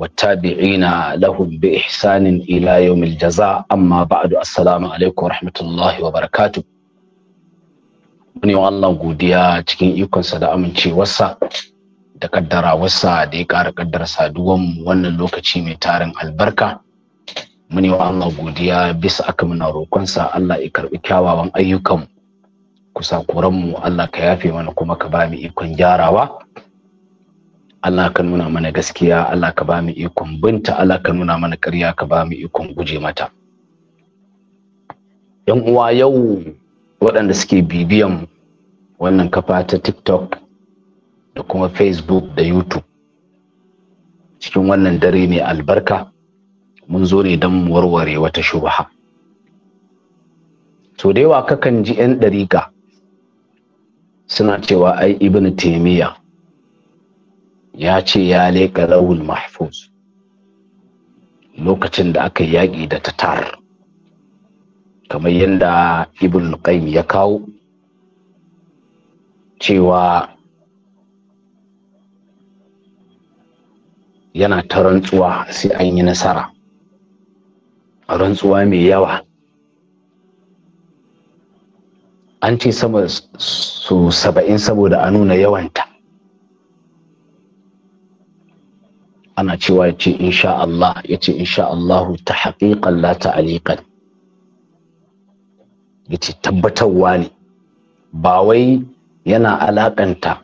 والتابعين لهم بإحسان إلى يوم الجزاء أما بعد السلام عليكم ورحمة الله وبركاته Muni wa Allah godiya cikin ikonsa da amincewarsa da kaddara wasa da ya ƙara kaddara saduwan wannan lokaci mai tarin albarka. Muni wa Allah godiya bisa aka muna roƙonsa Allah ya karɓi kyawawan ayyukanmu. Kusa kuranmu Allah ka yafe mana kuma ka ba mu ikon gyarawa. Allah ka nuna mana gaskiya Allah ka ba mu ikon binta Allah ka nuna mana ƙarya ka ba mu ikon guje mata yan uwa yau waɗanda suke bibiyan wannan kafa ta tiktok da kuma facebook da youtube cikin wannan dare ne albarka mun zo ne don warware wata shubha to da yawa kakan ji 'yan dariƙa, suna cewa ai ibn taimiyya ya ce ya leƙa rawul mahfuz lokacin da aka yaƙi da tatar kamar yadda ibn qayyim ya kawo cewa yana ta rantsuwa sai an yi nasara rantsuwa mai yawa an ce sama su saba'in saboda a nuna yawanta ana cewa ya ce insha Allah ya ce insha Allah ta haƙiƙan la ta aliƙan ya ce tabbatarwa ne ba wai yana alaƙanta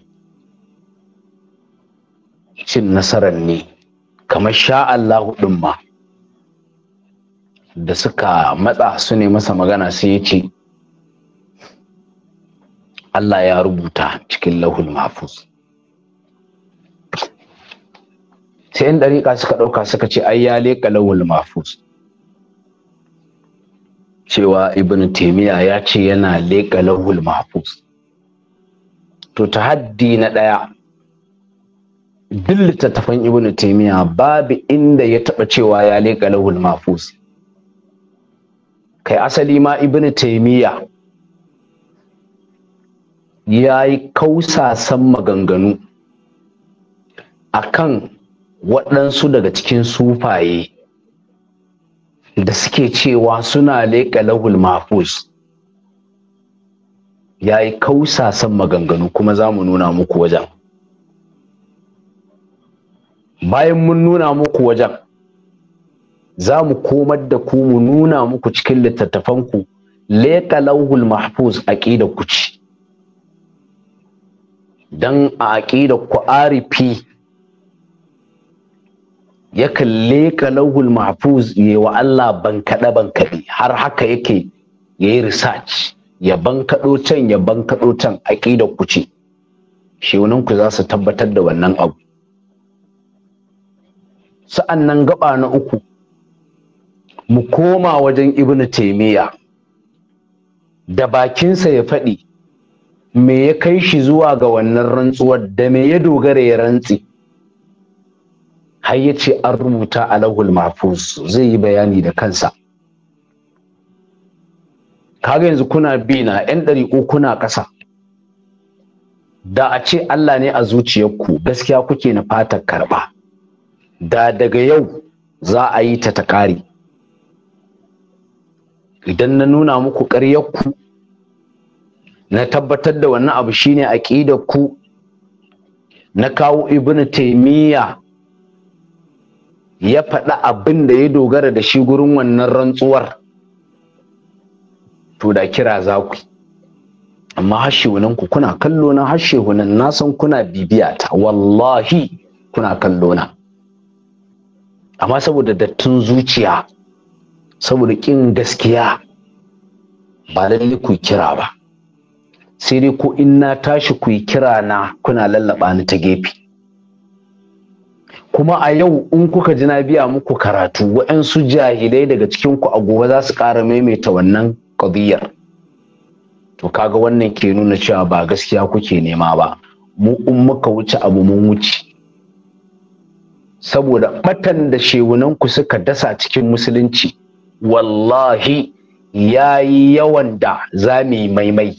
cin nasarar ne kamar sha Allah ɗin ma da suka matsa su ne masa magana sai ya ce Allah ya rubuta cikin lahul mahfuz sai yan dariƙa suka ɗauka suka ce ai ya leƙa lawul mahfuz cewa ibn taimiyya ya ce yana leƙa lawul mahfuz to ta haddi na ɗaya duk littattafan ibn taimiyya babu inda ya taɓa cewa ya leƙa lawul mahfuz kai asali ma ibn taimiyya ya yi kausasan maganganu akan waɗansu daga cikin sufaye da suke cewa suna leƙa lahul mafus ya yi kausasan maganganu kuma za mu nuna muku wajen bayan mun nuna muku wajen za mu komar da ku mu nuna muku cikin littattafanku leƙa mafus mahfuz ƙidar ku ci don a ƙidar ku arifi ya kalle lauhul mahfuz ya wa Allah ban kaɗe ban kaɗe har haka yake ya yi research ya ban kaɗo can ya ban kaɗo can aƙidar ku ce ku za su tabbatar da wannan abu Sa'annan nan gaba na uku mu koma wajen ibnu taimiyya da bakinsa ya faɗi me ya kai shi zuwa ga wannan rantsuwar da me ya dogara ya rantsi har ya ce an rubuta a lahul mahfuz zai yi bayani da kansa kaga yanzu kuna bi na yan uku kuna ƙasa da a ce Allah ne a zuciyarku gaskiya kuke na fatar karɓa da daga yau za a yi ta ta idan na nuna muku ƙaryarku na tabbatar da wannan abu shine aƙidar ku na kawo ibnu taimiyya ya faɗa abin da ya dogara da shi gurin wannan rantsuwar to da kira za ku amma hashehunan ku kuna kallo na hashehunan na san kuna bibiya ta wallahi kuna kallo na amma saboda dattin zuciya saboda ƙin gaskiya ba lalle ku kira ba sai dai ko in na tashi ku kira na kuna lallaba ni ta gefe kuma a yau in kuka ji na biya muku karatu waɗansu jahilai daga cikin ku a gobe za su ƙara maimaita wannan ƙabiyar to kaga wannan ke nuna cewa ba gaskiya kuke nema ba mu in muka wuce abu mun wuce saboda matan da shewunan ku suka dasa cikin musulunci wallahi ya yi yawan da za mu yi maimai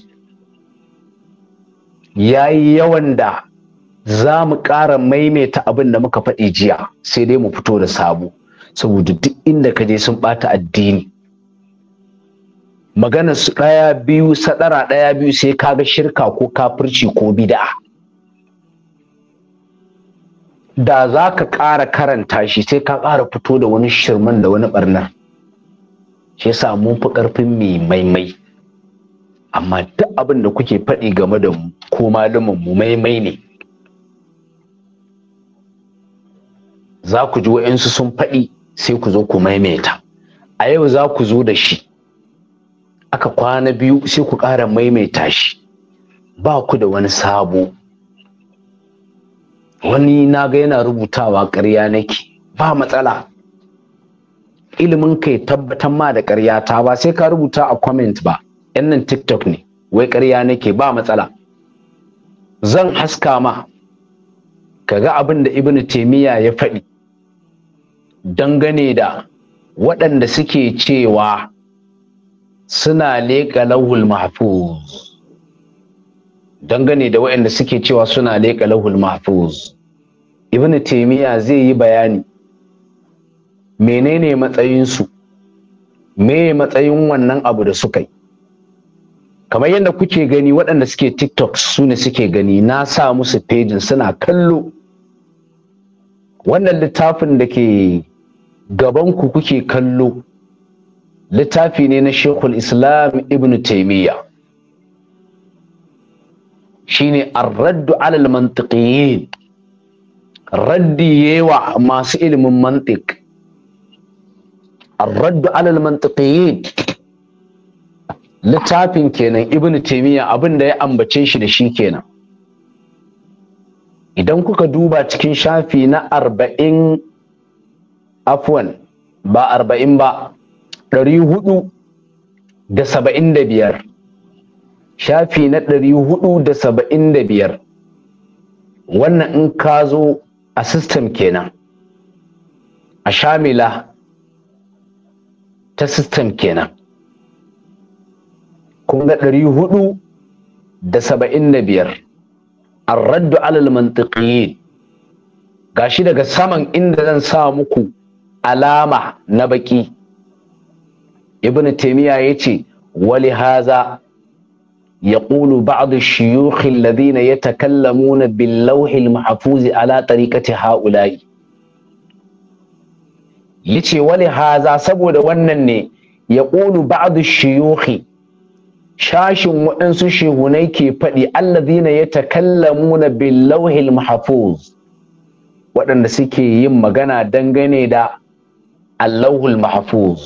ya yi yawan da za mu ƙara maimaita abin da muka faɗi jiya sai dai mu fito da sabo saboda duk inda ka je sun ɓata addini maganar su ɗaya biyu sadara ɗaya biyu sai ka ga shirka ko kafirci ko bid'a da za ka ƙara karanta shi sai ka ƙara fito da wani shirman da wani ɓarnar shi yasa mun fi ƙarfin mai maimai amma duk abin da kuke faɗi game da mu ko malumin mu maimai ne za ku ji wa'yansu sun faɗi sai ku zo ku maimaita a yau za ku zo da shi aka kwana biyu sai ku ƙara maimaita shi ba ku da wani sabo wani na ga yana rubutawa ƙarya nake ba matsala ilimin kai tabbatar ma da ƙarya ta ba sai ka rubuta a comment ba yan nan tiktok ne wai ƙarya nake ba matsala zan haska ma Ka ga abin da ibnu taimiyya ya faɗi dangane da waɗanda suke cewa suna leƙa lahul mahfuz dangane da waɗanda suke cewa suna leƙa lahul mahfuz ibn taimiyya zai yi bayani menene matsayinsu Me matsayin wannan abu da suka yi kamar yadda kuke gani waɗanda suke tiktok su ne suke gani na sa musu pejin suna kallo wannan littafin da ke gabanku kuke kallo littafi ne na shekul islam ibn taimiyya shine raddu alal mantiqiyyin raddi yewa masu ilimin mantiq raddu alal mantiqiyyin littafin kenan ibn taimiyya abin da ya ambace shi da shi kenan idan kuka duba cikin shafi na arba'in afwan ba arba'in ba ɗari hudu da saba'in da biyar shafi na ɗari hudu da saba'in da biyar wannan in ka zo a sistem kenan a shamila ta sistem kenan kun ga ɗari hudu da saba'in da biyar an raddu alal mantiƙiyin gashi daga saman inda zan sa muku alama na baki ibn ya ce, wali haza يقول بعض الشيوخ الذين يتكلمون باللوح المحفوظ على طريقة Ya ce, wani haza saboda wannan ne ya ƙulu ba'adu shiyuhi shashin waɗansu shehunai ke faɗi allazina ya takallamu na billauhin mahafuz waɗanda suke yin magana dangane da allahul mahfuz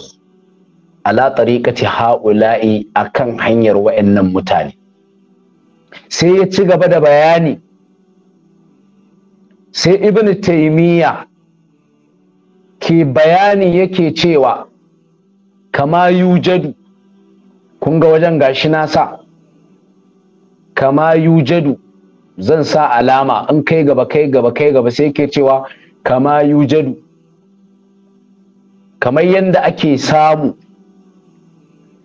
ala tariqati haula'i akan hanyar wayannan mutane sai ya ci gaba da bayani sai ibn taymiya ke bayani yake cewa kama yujadu kun ga wajen gashi nasa sa kama yujadu zan sa alama in kai gaba kai gaba kai gaba sai ke cewa kama yujadu kamar yadda ake samu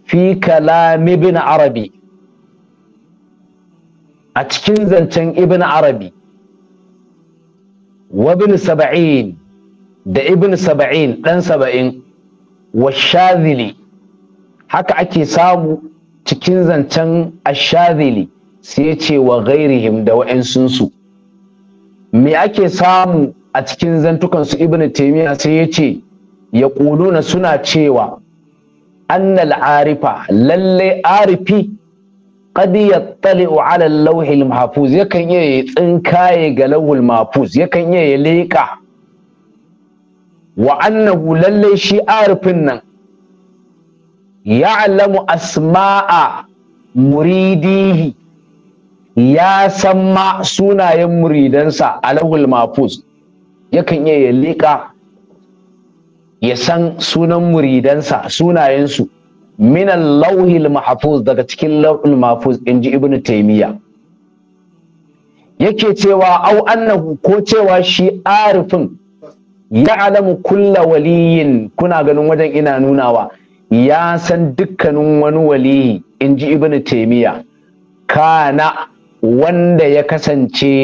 fi kalami ibn arabi a cikin zancen ibn arabi wa ibn saba'in da ibn saba'in ɗan saba'in wa shazili haka ake samu cikin zancen ashazili sai ya ce wa gairihim da wa'insunsu me ake samu a cikin zantukansu ibn taimiyya sai ya ce yaquluna suna cewa annal arifa lalle arifi qad yattali'u 'ala al-lawhil mahfuz yakan iya tsinkaye ga lawhul mahfuz yakan iya leka wa annahu lalle shi arifin nan ya'lamu asma'a muridihi ya san ma sunayen muridansa a lawhul mahfuz yakan iya leka ya san sunan muridansa sunayensu minan lauhil mahfuz daga cikin lauhil mahfuz ji Ibn taimiya yake cewa au annahu ko cewa shi arifin ya alamu kulla waliyin kuna ganin wajen ina nunawa ya san dukkanin wani waliyi inji ibn taimiya kana wanda ya kasance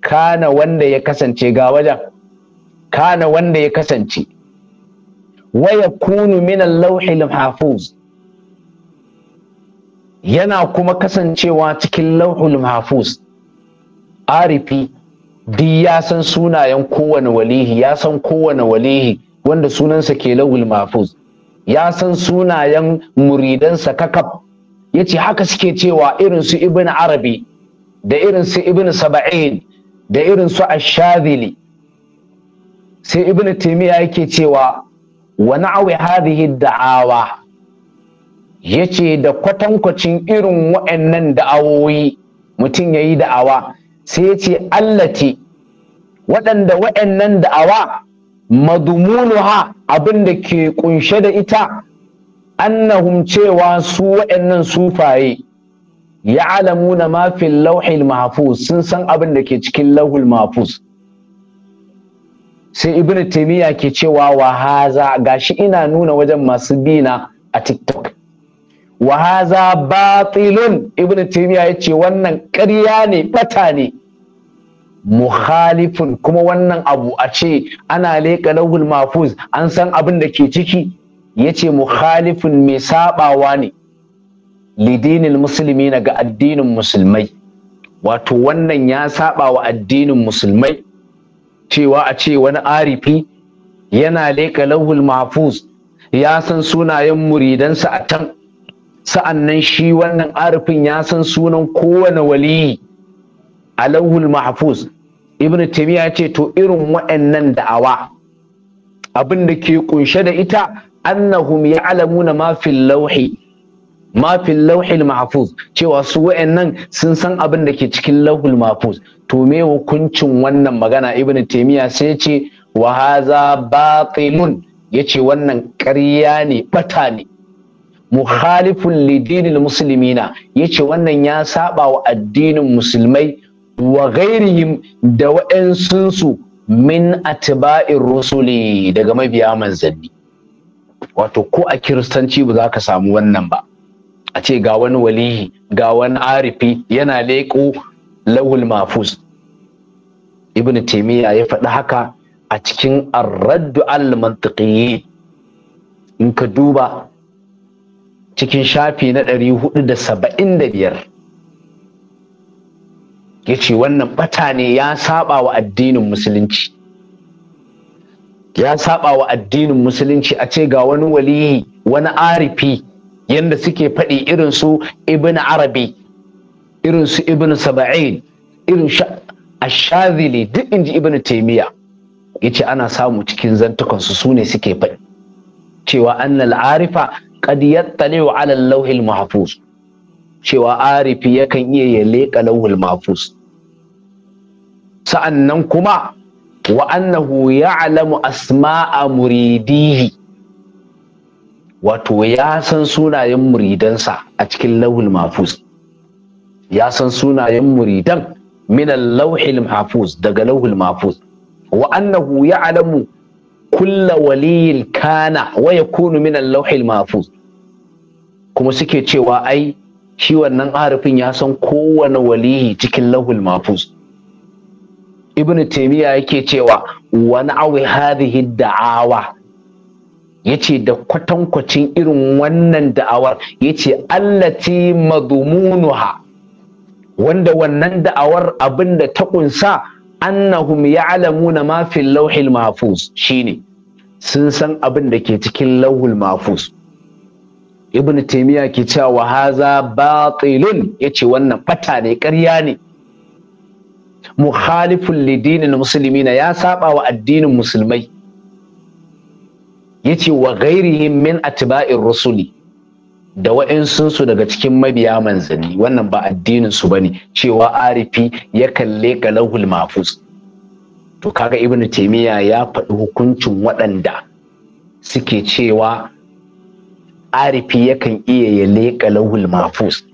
kana wanda ya kasance ga wajen kana wanda ya kasance wa yakunu min al mahfuz yana kuma kasancewa cikin lauhul mahfuz arifi duk ya san sunayen kowane walihi ya san kowane walihi wanda sunansa ke lauhul mahfuz ya san sunayen muridansa kakaf ya ce haka suke cewa irin su ibn arabi da irin su ibn saba'in da irin su ash-shadhili sai Ibn taimiyya yake cewa wa na'awi hadhihi da'awa yace da kwatankwacin irin wa'annan da'awoyi mutum yayi da'awa sai yace allati waɗanda wa'annan da'awa madumunuha ha abinda ke kunshe da ita annahum cewa su wa'annan sufaye ya'lamuna ma fil lawhil mahfuz sun san abin da ke cikin lauhul mahfuz sai Ibn taimiyya ke cewa wahaza gashi ina nuna wajen masu bina a tiktok Wahaza haza batilun Ibn taimiyya ya ce wannan karya ne bata ne muhalifun kuma wannan abu a ce ana leƙa lahul mafuz an san abin da ke ciki ya ce muhalifun mai saɓawa ne lidinin musulmi na ga addinin musulmai wato wannan ya saɓa wa addinin musulmai cewa a ce wani arifi yana leƙa lauhul mahfuz ya san sunayen muridansa a can sa'annan shi wannan arifin ya san sunan kowane waliyi a lauhul mahfuz ibn taymiya ce to irin waɗannan da'awa abin da ke kunshe da ita annahum ya'lamuna ma fil lauhi Mafin lauhin mahfuz cewa su wayannan sun san abin da ke cikin lauhin mahfuz to me hukuncin wannan magana ibnu taymiya sai ce wa haza batilun yace wannan ƙarya ne bata ne muhalifun lidinil muslimina yace wannan ya saba wa addinin musulmai wa ghairihim da su min Atiba'in rusuli daga mabiya manzanni wato ko a kiristanci ba za ka samu wannan ba a ce ga wani walihi ga wani arifi yana leƙo lahul mafuz ibn taimiyya ya faɗi haka a cikin arraddu al mantiqiyyi in ka duba cikin shafi na ɗari huɗu da saba'in da biyar ya ce wannan ɓata ne ya saba wa addinin musulunci ya saba wa addinin musulunci a ce ga wani waliyi wani arifi yanda suke faɗi irin su ibn arabi irin su ibn saba'in irin ashazili duk inji ibn taimiya yace ana samu cikin zantukansu su sune suke faɗi cewa annal arifa qad yattali'u ala al-lawhil mahfuz cewa arifi yakan iya ya leƙa lawhul mahfuz sa'annan kuma wa annahu ya'lamu asma'a muridihi wato ya san sunayen muridansa a cikin lauhul mafuz ya san sunayen muridan min lauhin mafuz daga lauhul mafuz wa annahu ya'lamu kulla waliyin kana wa yakunu min lauhin mafuz kuma suke cewa ai shi wannan arifin ya san kowane walihi cikin lauhul mafuz ibnu taymiya yake cewa wa na'awi hadhihi da'awa yace da kwatankwacin irin wannan da'awar yace allati madumunuha wanda wannan da'awar abin da ta kunsa annahum ya'lamuna ma mafin lauhin mahfuz shine sun san abin da ke cikin lauhul mahfuz ibn taymiya ke cewa haza batilun yace wannan bata ne ƙarya ne muhalifun lidinin musulmina ya saba wa addinin musulmai yace wa ghairihim min atba'ir rasuli da su daga cikin mabiya manzanni wannan ba addinin su bane cewa arifi ya kalle galahul mafus to kaga ibn taimiyya ya faɗi hukuncin waɗanda suke cewa arifi yakan iya ya leƙa lahul mafus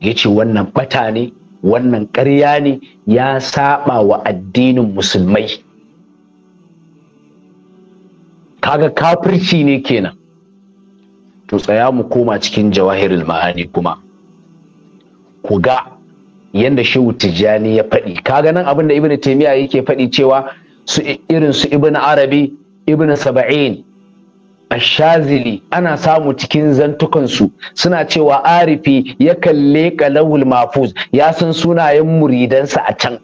ya ce wannan bata ne wannan ƙarya ne ya saɓa wa addinin musulmai kaga kafirci ne kenan to tsaya mu koma cikin jawahirul ma'ani kuma ku ga yadda shehu tijjani ya faɗi kaga nan abin da ibn taymiya yake faɗi cewa su irin su ibn arabi ibnu saba'in ashazili ana samu cikin zantukansu suna cewa arifi ya kalle kalawul mafuz ya san sunayen muridansa a can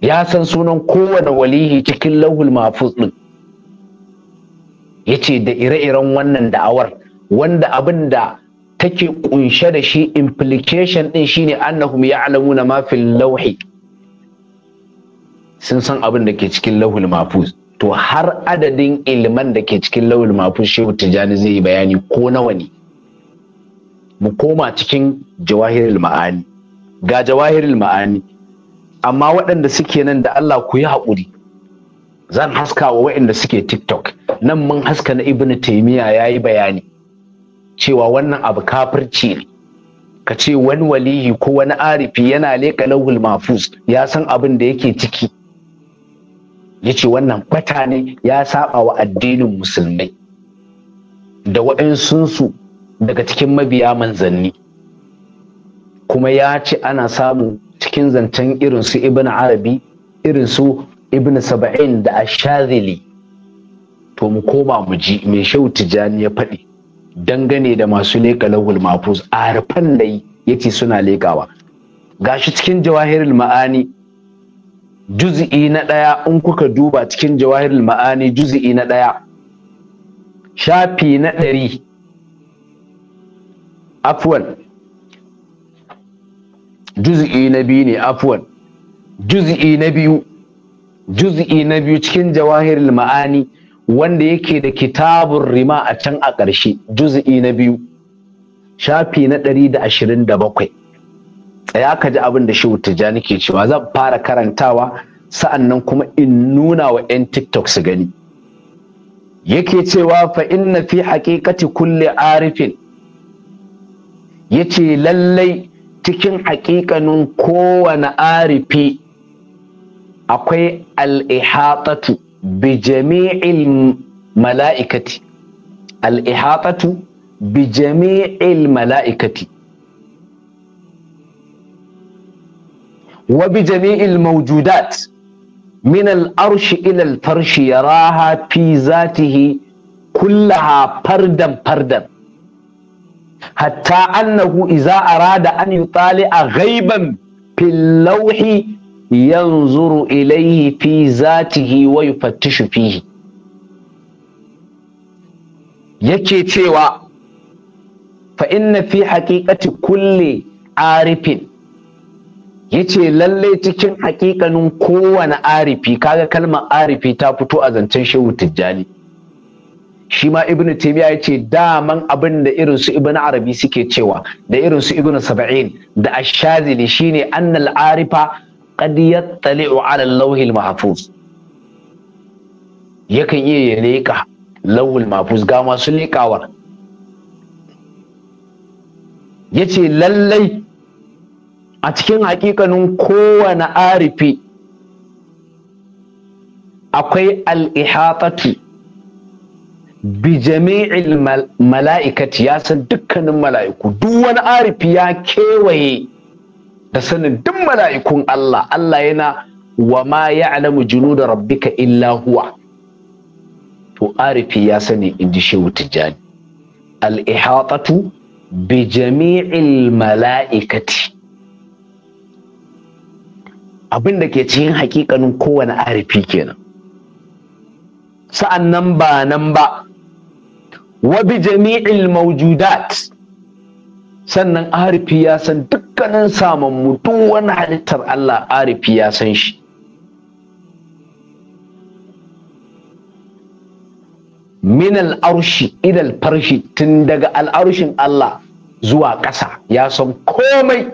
ya san sunan kowane walihi cikin lawul mafuz din Ya ce da ire-iren wannan da'awar wanda abin da take kunshe da shi implication din shine annahum ya'lamuna ma fil lawhi sun san abin da ke cikin lauhul to har adadin ilman da ke cikin lauhul mafuz shehu tijani zai yi bayani ko nawa ne mu koma cikin jawahirul ma'ani ga jawahirul ma'ani amma waɗanda suke nan da Allah ku yi haƙuri zan haska wa waɗanda suke tiktok nan mun haska na ibnu ya yayi bayani cewa wannan abu kafirci ne ka ce wani walihi ko wani arifi yana leƙa lauhul mafus ya san abin da yake ciki ya ce wannan kwata ne ya saba wa addinin musulmai da waɗansunsu daga cikin mabiya manzanni kuma ya ce ana samu cikin zancen irinsu ibn arabi irinsu ibn saba'in da ashazili to mu koma mu ji mai shau tijani ya faɗi dangane da masu leƙa lahul mafuz a harfan da yace suna leƙawa gashi cikin jawahirul ma'ani juz'i na ɗaya in kuka duba cikin jawahirul ma'ani juz'i na ɗaya shafi na ɗari afwan juz'i na biyu ne afwan juz'i na biyu juz'i na biyu cikin jawahirul ma'ani wanda yake da kitabun rima a can a ƙarshe juzu'i na biyu shafi na ɗari da ashirin da bakwai tsaya kaji ji abin da shehu tijjani ke cewa zan fara karantawa sa'annan kuma in nuna wa 'yan tiktok su gani yake cewa fa inna fi haƙiƙati kulle arifin yace lallai cikin haƙiƙanin kowane arifi akwai al'ihatatu بجميع الملائكة الإحاطة بجميع الملائكة وبجميع الموجودات من الأرش إلى الفرش يراها في ذاته كلها فردا فردا حتى أنه إذا أراد أن يطالع غيبا في اللوح yanzuru ilaihi fi zatihi wa yufattishu fihi yake cewa fa inna fi haqiqati kulli arifin yace lalle cikin haƙiƙanin kowane arifi kaga kalmar arifi ta fito a zancen shehu tijjani shi ma ibn taymiya yace daman abin da irin su ibn arabi suke cewa da irin su ibn sab'in da ash-shazili shine annal arifa qad yattali'u ala lawhil mahfuz yakan iya ya leka lawul mahfuz ga masu lekawar yace lallai a cikin hakikanin kowane arifi akwai al'ihatatu bi jami'il mala'ikati ya san dukkanin mala'iku duk wani arifi ya kewaye da sanin duk mala'ikun Allah Allah yana wa ma ya'lamu junuda rabbika illa huwa to arifi ya sani inji shehu tijjani al ihatatu bi jami'il mala'ikati abin da ke cikin hakikanin kowane arifi kenan sa'an nan ba nan ba wa bi jami'il mawjudat sannan arifi ya san duk dukkanin saman mutum wani halittar Allah arifi ya san shi min al'arshi idal farshi tun daga al'arshin Allah zuwa ƙasa ya san komai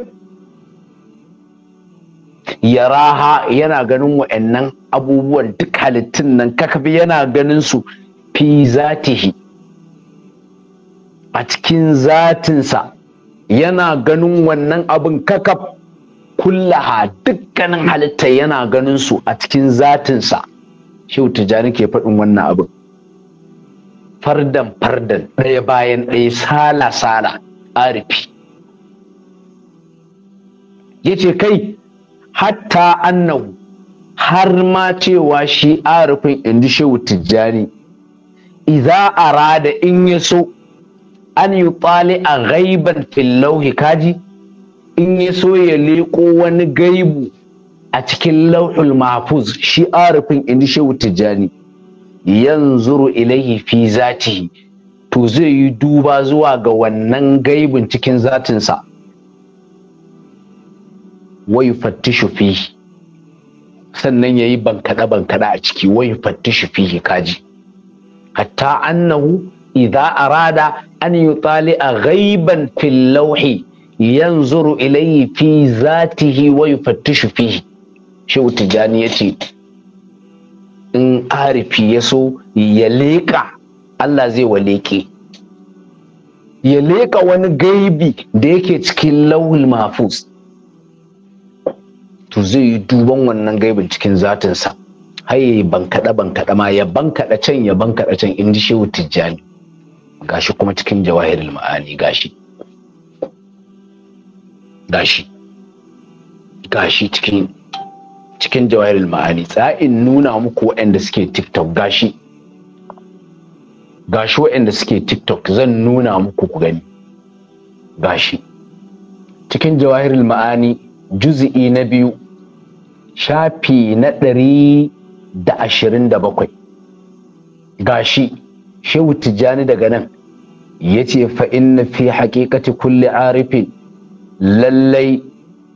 ya raha yana ganin wa'annan abubuwan duk halittun nan kakafi yana ganin su fi zatihi a cikin zatinsa yana ganin wannan abin kakaf kullaha dukkanin halitta yana ganin su a cikin zatinsa shehu tijjani ke faɗin wannan abin fardan fardan ɗaya bayan ɗaya sala sala arifi ya ce kai hatta annahu har ma cewa shi arifin inda shehu tijjani idza arada in ya so an yi tsali a gaiban fillauhi kaji in ya so ya leƙo wani gaibu a cikin lauhul mahfuz shi arifin inda shehu tijjani yanzuru ilaihi fi zatihi to zai yi duba zuwa ga wannan gaibin cikin zatinsa wai fattishu fihi sannan ya yi bankaɗe-bankaɗe a ciki wai fattishu fihi kaji hatta annahu idza arada an yutali'a ghaiban fil lawhi yanzuru ilayhi fi zatihi wa yufattishu fihi shehu ya yace in arifi ya so ya leƙa Allah zai waleke ya leƙa wani gaibi da yake cikin lauhul mahfuz to zai yi duban wannan gaibin cikin zatinsa har ya yi ma ya bankaɗe can ya bankaɗe can in ji shehu tijjani gashi kuma cikin jawahirul ma'ani gashi gashi gashi cikin cikin jawahirul ma'ani tsa'in nuna muku waɗanda suke tiktok gashi gashi waɗanda suke tiktok zan nuna muku ku gani gashi cikin jawahirul ma'ani juzi'i na biyu shafi na ɗari da ashirin da bakwai gashi shehu tijjani daga nan ya ce fa'inna fi haƙiƙati kulli arifin lallai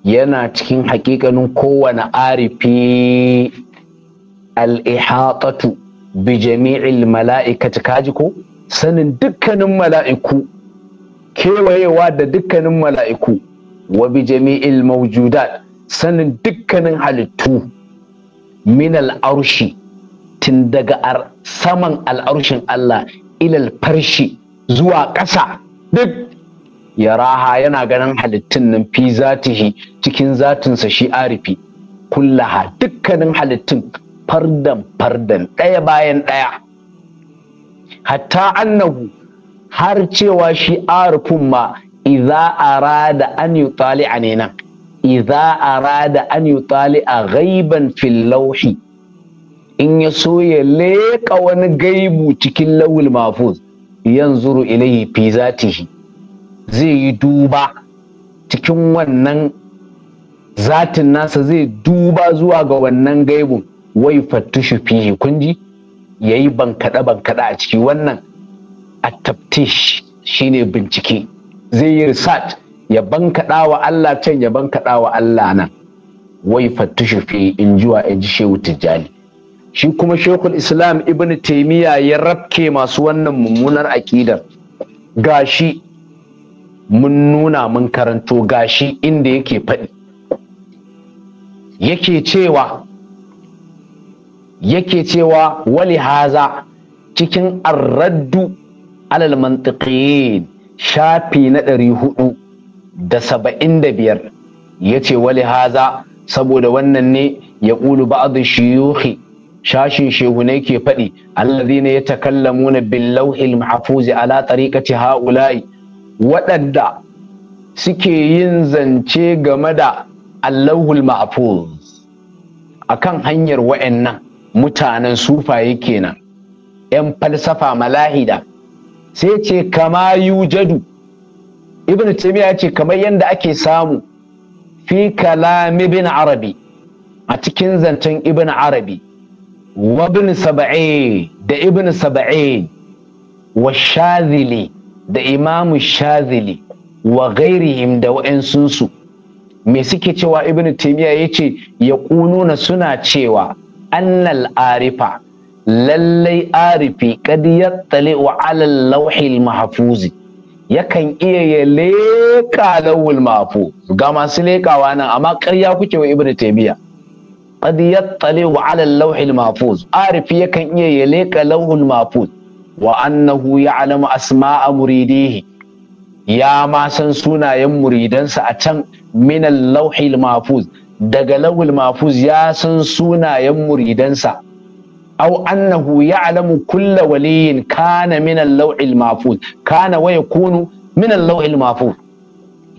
yana cikin haƙiƙanin kowane arifi al'ihaƙatu bi jami'il mala'ikati kaji ko sanin dukkanin mala'iku kewayewa da dukkanin mala'iku wa bi jami'il sanin dukkanin halittu min al'arshi tun daga saman al'arshin Allah ilal farshi zuwa ƙasa duk ya raha yana ganin halittun nan fi zatihi cikin zatinsa shi arifi kullaha dukkanin halittun fardan fardan ɗaya bayan ɗaya hatta annahu har cewa shi arifin ma idza arada an yutali a nan idza arada an yutali a ghaiban fil lauhi in ya so ya leƙa wani gaibu cikin lawul mafuz zuru ilayhi fi zatihi zai yi duba cikin wannan zatin nasa zai duba zuwa ga wannan gaibun wai fattushu fihi kunji ya yayi bankaɗe bankaɗe a ciki wannan at-taftish shine bincike zai yi risat ya bankaɗa wa Allah can ya bankaɗa wa Allah nan wai fattushu fihi in jiwa in ji shehu tijjani shi kuma shekul islam ibn taimiyya ya rabke masu wannan mummunar aƙidar gashi mun nuna mun karanto gashi inda yake faɗi yake cewa yake cewa wali haza cikin arraddu alal mantiqiyin shafi na ɗari hudu da saba'in da biyar ya ce wali haza saboda wannan ne ya ƙulu ba'adu shiyuhi shashin shehunai ke faɗi ya takallamu bil lauhil mahfuz ala tariqati haula'i waɗanda suke yin zance game da allahul mahfuz akan hanyar wa'annan mutanen sufaye kenan yan falsafa malahida sai ce kama yujadu ibn taymiya ce kamar yadda ake samu fi kalam ibn arabi a cikin zancen ibn arabi wabin saba'i da ibn saba'i wa shazili da imamu shazili wa gairihim da wa'insunsu mai suke cewa ibn taimiya ya ce ya ƙununa suna cewa annal arifa lallai arifi kad yattali wa alal lauhil mahfuzi yakan iya ya leƙa lawul mafu ga masu leƙawa nan amma ƙarya kuke wa ibn taimiya qad yattali'u 'ala al-lawhil mahfuz yakan iya ya leka lawhul mahfuz wa annahu ya'lamu asma'a muridihi ya ma san sunayen muridansa a can min al-lawhil daga lawhul mahfuz ya san sunayen muridansa أو أنه يعلم كل ولي كان من اللوح المحفوظ كان ويكون من اللوح المحفوظ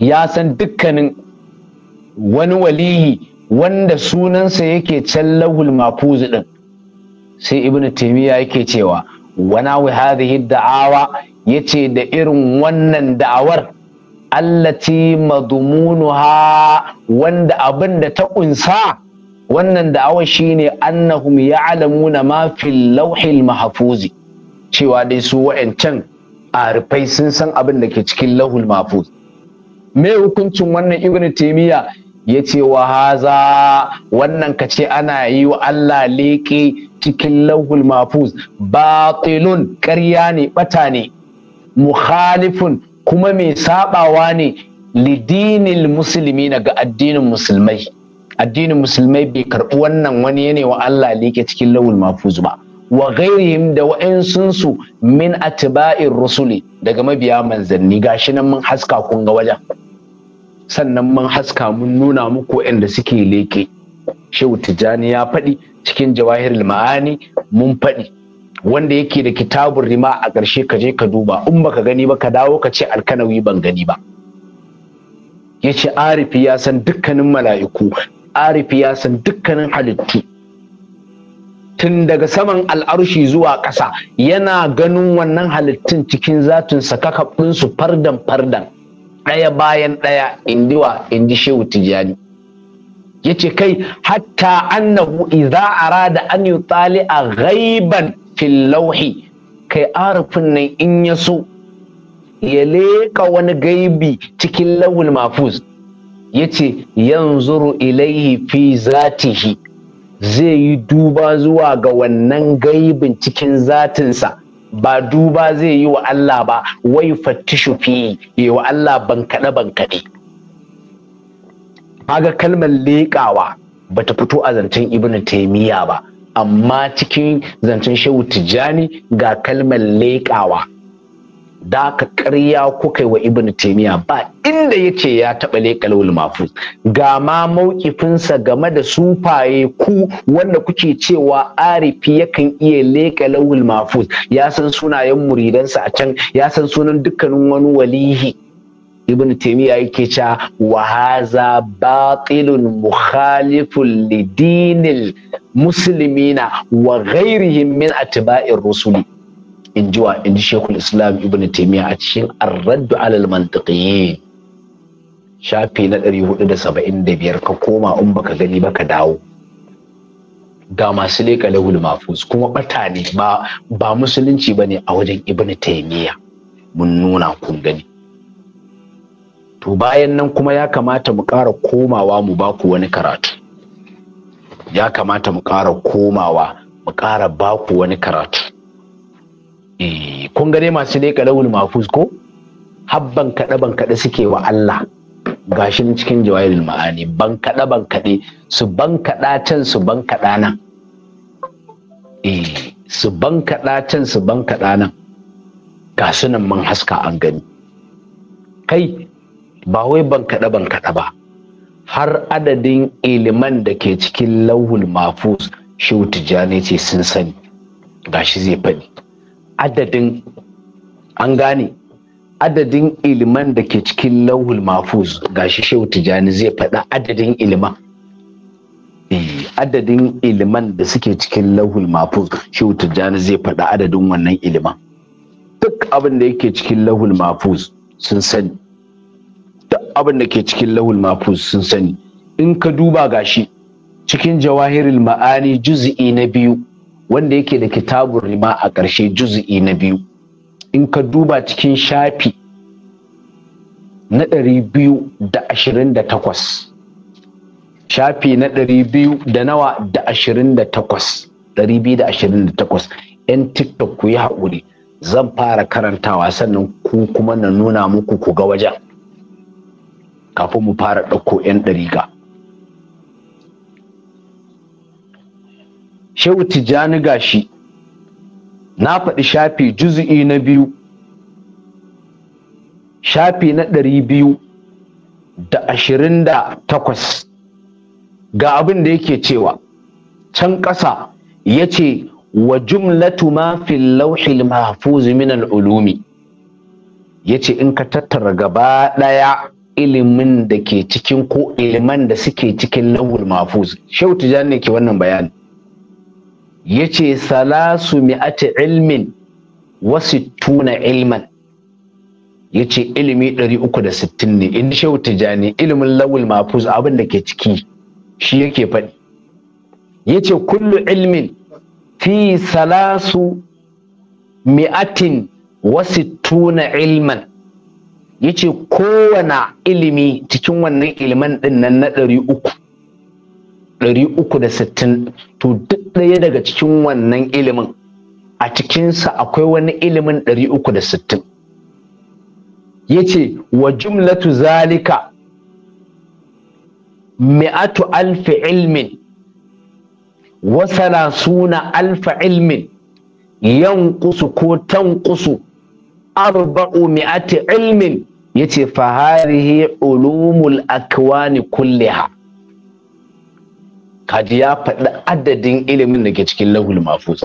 يا سن دكن ون wanda sunansa yake can lahul mafuz din sai ibnu taymiya yake cewa wana wa hadhihi da'awa yace da irin wannan da'awar allati madumunuha wanda abin da ta kunsa wannan da'awar shine annahum ya'lamuna ma fil lawhil mahfuzi cewa dai su wa'ancan arifai sun san abin da ke cikin lahul mafuz me hukuncin wannan ibnu taymiya ya ce wa haza wannan ka ce ana yi wa Allah leƙe cikin lauhul mafuz batilun ƙarya ne ɓata ne muhalifun kuma mai saɓawa ne lidinil musulmi ga addinin musulmai addinin musulmai bai karɓi wannan wani yane wa Allah leƙe cikin lauhul mafuz ba wa ghairihim da wa'insunsu min atiba'in rusuli daga mabiya manzanni gashi nan mun haska kun ga wajen sannan mun haska mun nuna muku waɗanda suke leke shehu tijjani ya faɗi cikin jawahirul ma'ani mun faɗi wanda yake da kitabun rima a ƙarshe ka je ka duba in baka gani ba ka dawo ka ce alkanawi ban gani ba ya ce arifi ya san dukkanin mala'iku arifi ya san dukkanin halittu tun daga saman al'arshi zuwa ƙasa yana ganin wannan halittun cikin zatin sakakaɓinsu fardan fardan ɗaya bayan ɗaya in indi shehu tijjani yace kai hatta annahu idza arada an yutali a ghaiban fil lauhi kai arafin nan in ya so ya leƙa wani gaibi cikin lawul mafuz yace yanzuru ilaihi fi zatihi zai yi duba zuwa ga wannan gaibin cikin zatinsa ba duba zai yi wa Allah ba wai fattishu fi yi wa Allah bankaɗe bankaɗe kaga kalmar leƙawa ba ta fito a zancen ibnu taimiyya ba amma cikin zancen shehu tijjani ga kalmar leƙawa da ka ƙarya kuka yi wa ibn taimiya ba inda ya ce ya taɓa laul mafuz ga ma mauƙifinsa game da sufaye ku wanda kuke cewa arifi yakan iya leƙa laul mafuz ya san sunayen muridansa a can ya san sunan dukkanin wani walihi ibn taimiya yake cewa wa haza batilun mukhalifun lidinil muslimina wa ghairihim min atba'ir rusuli in ji wa in ji shekul islam ibn taimiya a cikin arraddu alal mantiqiyin shafi na 475 ka koma in baka gani baka dawo ga masu leƙa lahul mafus kuma bata ne ba ba musulunci ba ne a wajen ibn taimiya mun nuna kun gani to bayan nan kuma ya kamata mu ƙara komawa mu baku wani karatu ya kamata mu ƙara komawa mu ƙara baku wani karatu Eh, kun gane masu leƙa lawul mafus ko habban kaɗe ban kaɗe suke wa Allah gashi nan cikin jawahirul ma'ani ban kaɗe ban kaɗe su ban kaɗa can su ban kaɗa nan eh su ban kaɗa can su ban kaɗa nan ga sunan man haska an gani kai ba wai ban kaɗe ban kaɗe ba har adadin iliman da ke cikin lawul mafus, shi tijjani ce sun sani gashi zai faɗi adadin an gane adadin iliman da ke cikin lawul mafuz gashi shehu tijani zai faɗa adadin iliman eh, adadin iliman da suke cikin lawul mafuz shehu tijani zai faɗa adadin wannan iliman duk abin da yake cikin lawul mafuz sun sani duk abin da ke cikin lawul mafuz sun sani in ka duba gashi cikin jawahirul ma'ani juz'i na biyu wanda yake da kitabun rima a ƙarshe juzu'i na biyu in ka duba cikin shafi na ɗari biyu da ashirin da takwas shafi na ɗari biyu da nawa da ashirin da takwas ɗari biyu da ashirin da takwas yan tiktok ku yi haƙuri zan fara karantawa sannan ku kuma na nuna muku ku ga wajen kafin mu fara ɗauko yan ɗariga shehu tijjani gashi na faɗi shafi juzu'i na biyu shafi na ɗari biyu da ashirin da takwas ga abin da yake cewa can ƙasa ya ce wa jumlatu ma fil lauhil mahfuz min al ulumi yace in ka tattara gaba ɗaya ilimin da ke cikin ko iliman da suke cikin lauhul mahfuz shehu tijani ne ke wannan bayani yace salasu mi'ati ilmin wasu tuna ilman yace ilimi 360 ne in shehu tijani ilimin lawul mafuz abin da ke ciki shi yake faɗi yace kullu ilmin fi salasu mi'atin wasu tuna ilman yace kowane ilimi cikin wannan ilman ɗin nan na 300 uku da sittin to duk ɗaya daga cikin wannan ilimin a cikinsa akwai wani ilimin ɗari 360 ya ce wa jumlatu zalika mi'atu alfi ilmin wa salasuna alfa ilmin yanqusu ko tanqusu arba'u mi'ati ilmin yace fa hadhihi ulumul akwani kulliha kaji ya faɗi adadin ilimin da ke cikin lahul mafuz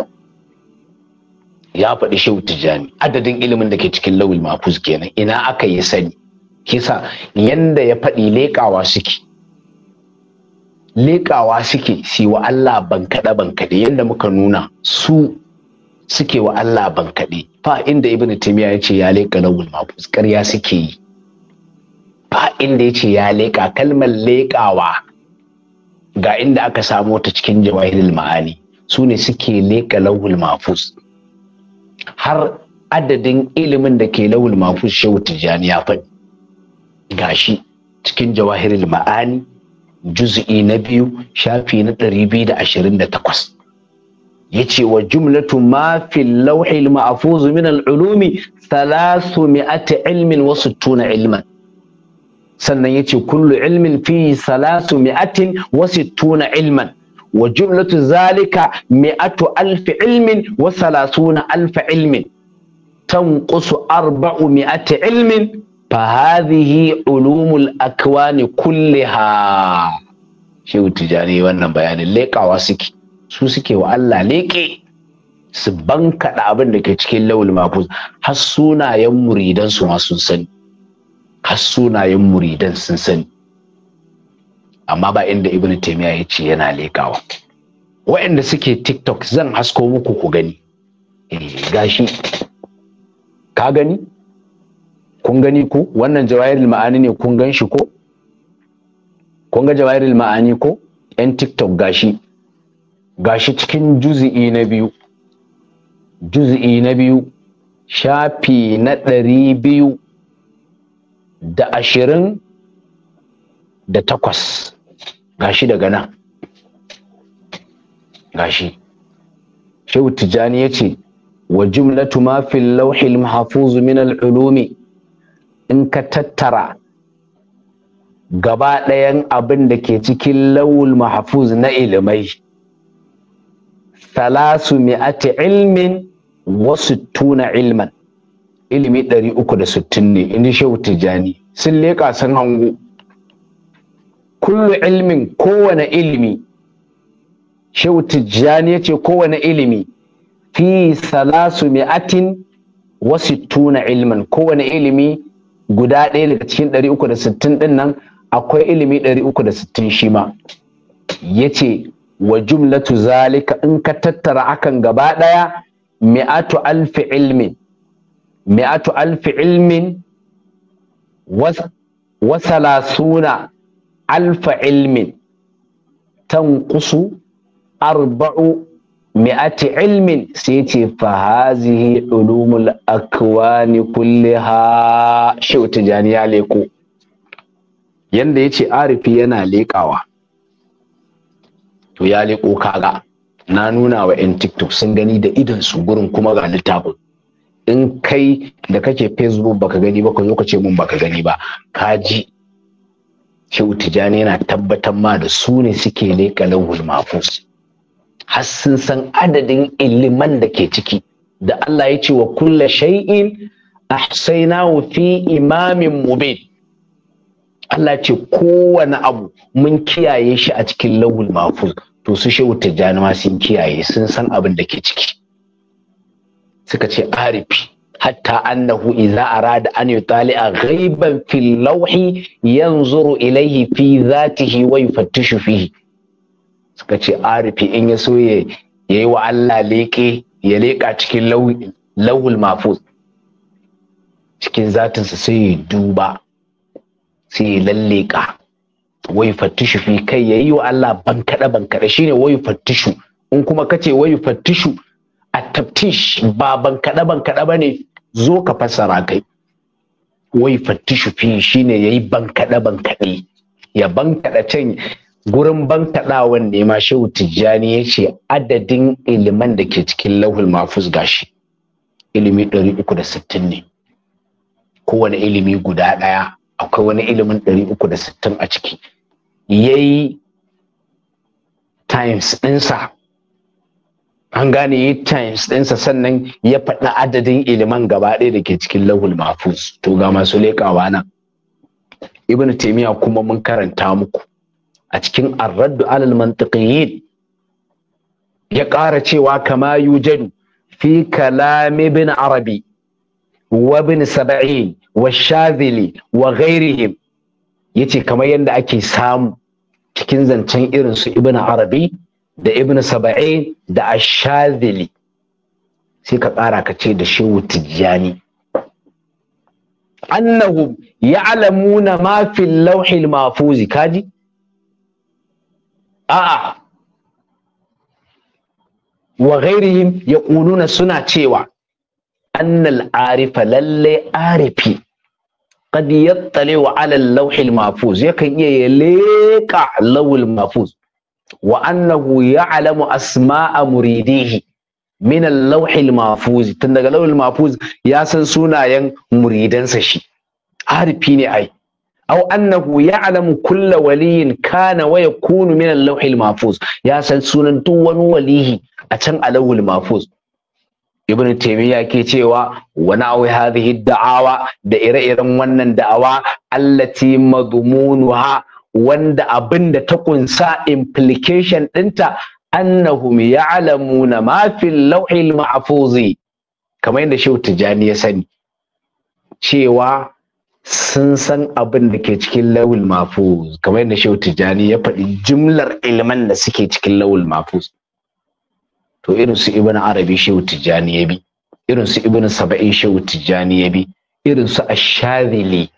ya faɗi shehu tijjani adadin ilimin da ke cikin lahul mafuz kenan ina aka yi sani kisa yanda ya faɗi leƙawa suke leƙawa suke si wa Allah ban kaɗe-ban kaɗe, yanda muka nuna su suke wa Allah ban bankaɗe fa inda ibnu taymiya ya ce ya leƙa lahul mafuz ƙarya suke yi fa inda ya ce ya leƙa kalmar leƙawa ga inda aka samo ta cikin jawahirul ma'ani su ne suke leka lauhul mafus har adadin ilimin da ke lauhul mafus shehu tijjani ya faɗi Ga shi, cikin jawahirul ma'ani juz'i na biyu shafi na ɗari biyu da ashirin da takwas ya ce wa jumlatu ma fi lauhil mafus min al'ulumi 300 ilmin wasu tuna ilman sannan yace kullu ilmin fi salatu mi'atin wasu tuna ilman wa jumlatu zalika mi'atu alfi ilmin wa salasuna alfa ilmin tanqusu arba'u mi'ati ilmin fa hadhihi ulumul akwani kulliha shehu tijani wannan bayanin leƙawa suke su suke wa Allah leƙe su bankaɗa abin da ke cikin lawul mafuz har sunayen muridan ma sun sani har sunayen muridan sun sani amma ba inda ibnu taymiya ya ce yana lekawa waɗanda suke tiktok zan hasko muku ku gani eh, gashi ka gani kun gani ku wannan jawahirul ma'ani ne kun gan shi ko kun ga jawahirul ma'ani ko yan tiktok gashi gashi cikin juzi'i na biyu juzi'i na biyu shafi na ɗari biyu da ashirin da takwas gashi daga nan gashi shehu tijjani ya ce wa jumlatu ma fil lauhil mahfuz min al ulumi in ka tattara gaba ɗayan abin da ke cikin lawul mahfuz na ilimai salasu mi'ati ilmin wasu tuna ilman ilimi 360 ne inda shehu tijjani sun leƙa sun hango kullu ilmin kowane ilimi shehu tijjani ya ce kowane ilimi fi salasu mi'atin wasu tuna ilmin kowane ilimi guda ɗaya daga cikin 360 ɗin nan akwai ilimi 360 shi ma ya ce wa jumlatu zalika in ka tattara akan gaba ɗaya mi'atu alfi ilmin mi'atu alfi ilmin wa salasuna alfa ilmin tanqusu arba'u mi'ati ilmin sai ce fa hazihi ulumul akwani ha. shehu tijani ya leko yanda yace arifi yana lekawa to ya leko kaga na nuna wa 'yan tiktok sun gani da idan su gurin kuma ga littafin in kai da kake facebook baka gani ba ka zo ka ce mun baka gani ba Kaji. ji shehu tijjani yana tabbatar ma da su ne suke leƙa Lawul mafus har sun san adadin iliman da ke ciki da Allah ya ce wa kulla shay'in ahsaynahu fi imamin mubin Allah ce kowane abu mun kiyaye shi a cikin Lawul mafus to su shehu tijjani ma sun kiyaye sun san abin da ke ciki suka ce arifi hatta annahu idza arada an yutali'a ghaiban fil lawhi yanzuru ilayhi fi zatihi wa yufattishu fihi suka ce arifi in ya so ya wa Allah leke ya leka cikin lawul mafuz cikin zatinsa sai ya duba sai ya lalleka wai fattishu fi kai yayi wa Allah ban kaɗa ban shine wai fattishu in kuma kace wai fattishu a taftish ba ban bankaɗe ban ba ne zo ka fassara kai wai fattishu fi shine yayi ban yi ban bankaɗe ya ban can gurin ban kaɗawan ne ma shehu tijjani ya ce adadin iliman da ke cikin lauhul mafus gashi ilimi 360 uku da sittin ne kowane ilimi guda ɗaya akwai wani ilimin 360 uku a ciki yayi times ɗinsa an gane yi times ɗinsa sannan ya faɗi adadin iliman gaba ɗaya da ke cikin lahul mafus to ga masu leƙawa nan ibn taimiyya kuma mun karanta muku a cikin arraddu alal mantiqiyin ya ƙara cewa kama yujadu fi kalami bin arabi wa bin saba'in wa shazili wa ghairihim yace kamar yadda ake samu cikin zancen irin su ibn arabi da ibn saba'in da ashazili sai ka ƙara ka ce da shehu tijjani annahum ya'lamuna ma fil lawhil mahfuzi kaji a'a wa ghairihim yaquluna suna cewa annal arifa lalle arifi qad yattali wa ala al-lawhil mahfuz yakan iya ya leka lawul mahfuz wa annahu ya'lamu asma'a muridihi minan al-lawhil mahfuz tun daga lawhil mahfuz ya san sunayen muridansa shi arifi ne ai aw annahu ya'lamu kulla waliyin kana waya kunu minan al-lawhil mahfuz ya san sunan duk wani walihi a can al-lawhil mahfuz ibn taymiya ke cewa wa na'u hadhihi da'awa da ire-iren wannan da'awa allati madmunuha wanda abin da ta kunsa implication ɗinta annahum ya'lamuna ma fil lawhil mahfuzi kamar yadda Shehu Tijjani ya sani cewa sun san abin da ke cikin lawul mahfuz kamar yadda Shehu Tijjani ya faɗi jimlar ilman da suke cikin lawul mahfuz to irin su Ibn Arabi Shehu Tijjani ya bi irin su Ibn Saba'in Shehu Tijjani ya bi irin su Ash-Shadhili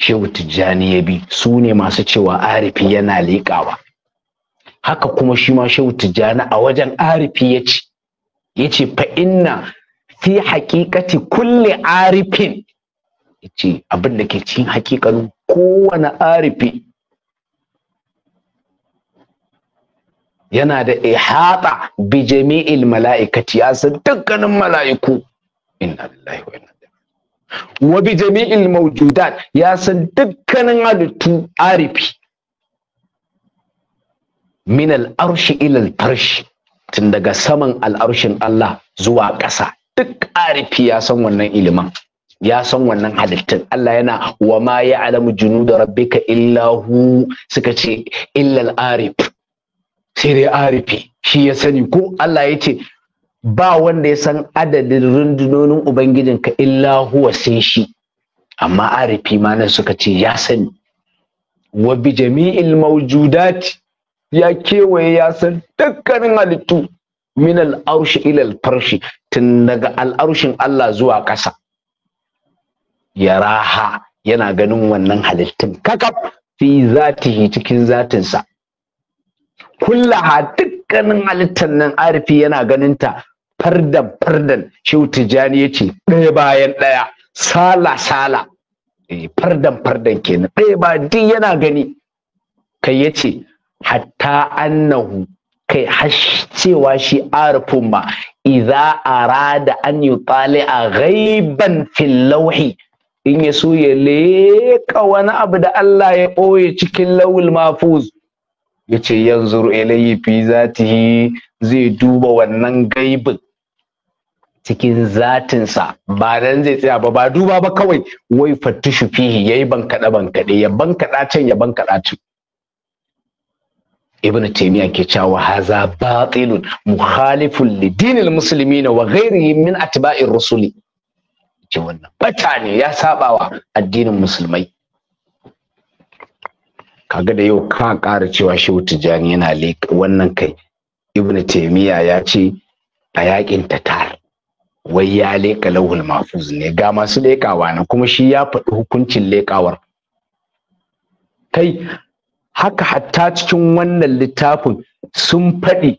shehu tijjani ya bi su ne masu cewa arifi yana leƙawa haka kuma shi ma shehu tijjani a wajen arifi ya ce ya ce fa inna fi haƙiƙati kulle arifin ya ce abin da ke cikin haƙiƙanin kowane arifi yana da ihata bi jami'il mala'ikati ya san dukkanin mala'iku inna lillahi wa wa bi jami'il mawjudat ya san dukkanin halittu arifi min al-arshi ila al tun daga saman al'arshin Allah zuwa ƙasa duk arifi ya san wannan ilimin ya san wannan halittun Allah yana wa ma ya alamu junu da rabbika illahu suka ce al arif sai dai arifi shi ya sani ko Allah yace. ba wanda ya san adadin rundunonin ubangijinka illa huwa sai shi amma arifi ma nan suka ce ya sani wa bi jami'il maujudati ya kewaye ya san dukkanin halittu min al'arshi ilal farshi tun daga al'arshin Allah zuwa ƙasa ya raha yana ganin wannan halittun kakaf fi yi cikin zatinsa kullaha dukkanin halittar nan arifi yana ganinta fardan fardan shehu tijjani ya ce ɗaya bayan ɗaya sala sala eh, fardan fardan kenan ɗaya ba duk yana gani kai ya ce hatta annahu kai cewa shi arifin ma idza arada an yutali a ghaiban fil lauhi in ya so ya leƙa wani abu da Allah ya ɓoye cikin lawul mafuz ya ce yanzu ilayhi fi zatihi zai duba wannan gaibin cikin zatinsa ba nan zai tsaya ba ba duba ba kawai wai fattishu fihi yi bankaɗe bankaɗe ya bankaɗa can ya bankaɗa can ibn taymiya ke cewa haza batilun mukhalifun li Musulmi muslimin wa ghairihi min atba'ir rusuli ce wannan bata ne ya wa addinin musulmai kaga da yau ka kara cewa shehu tijani yana wannan kai ibn taymiya ya ce a yakin tatar wai ya leƙa lauhul mafuz ne ga masu leƙawa na kuma shi ya faɗi hukuncin leƙawar kai haka hatta cikin wannan littafin sun faɗi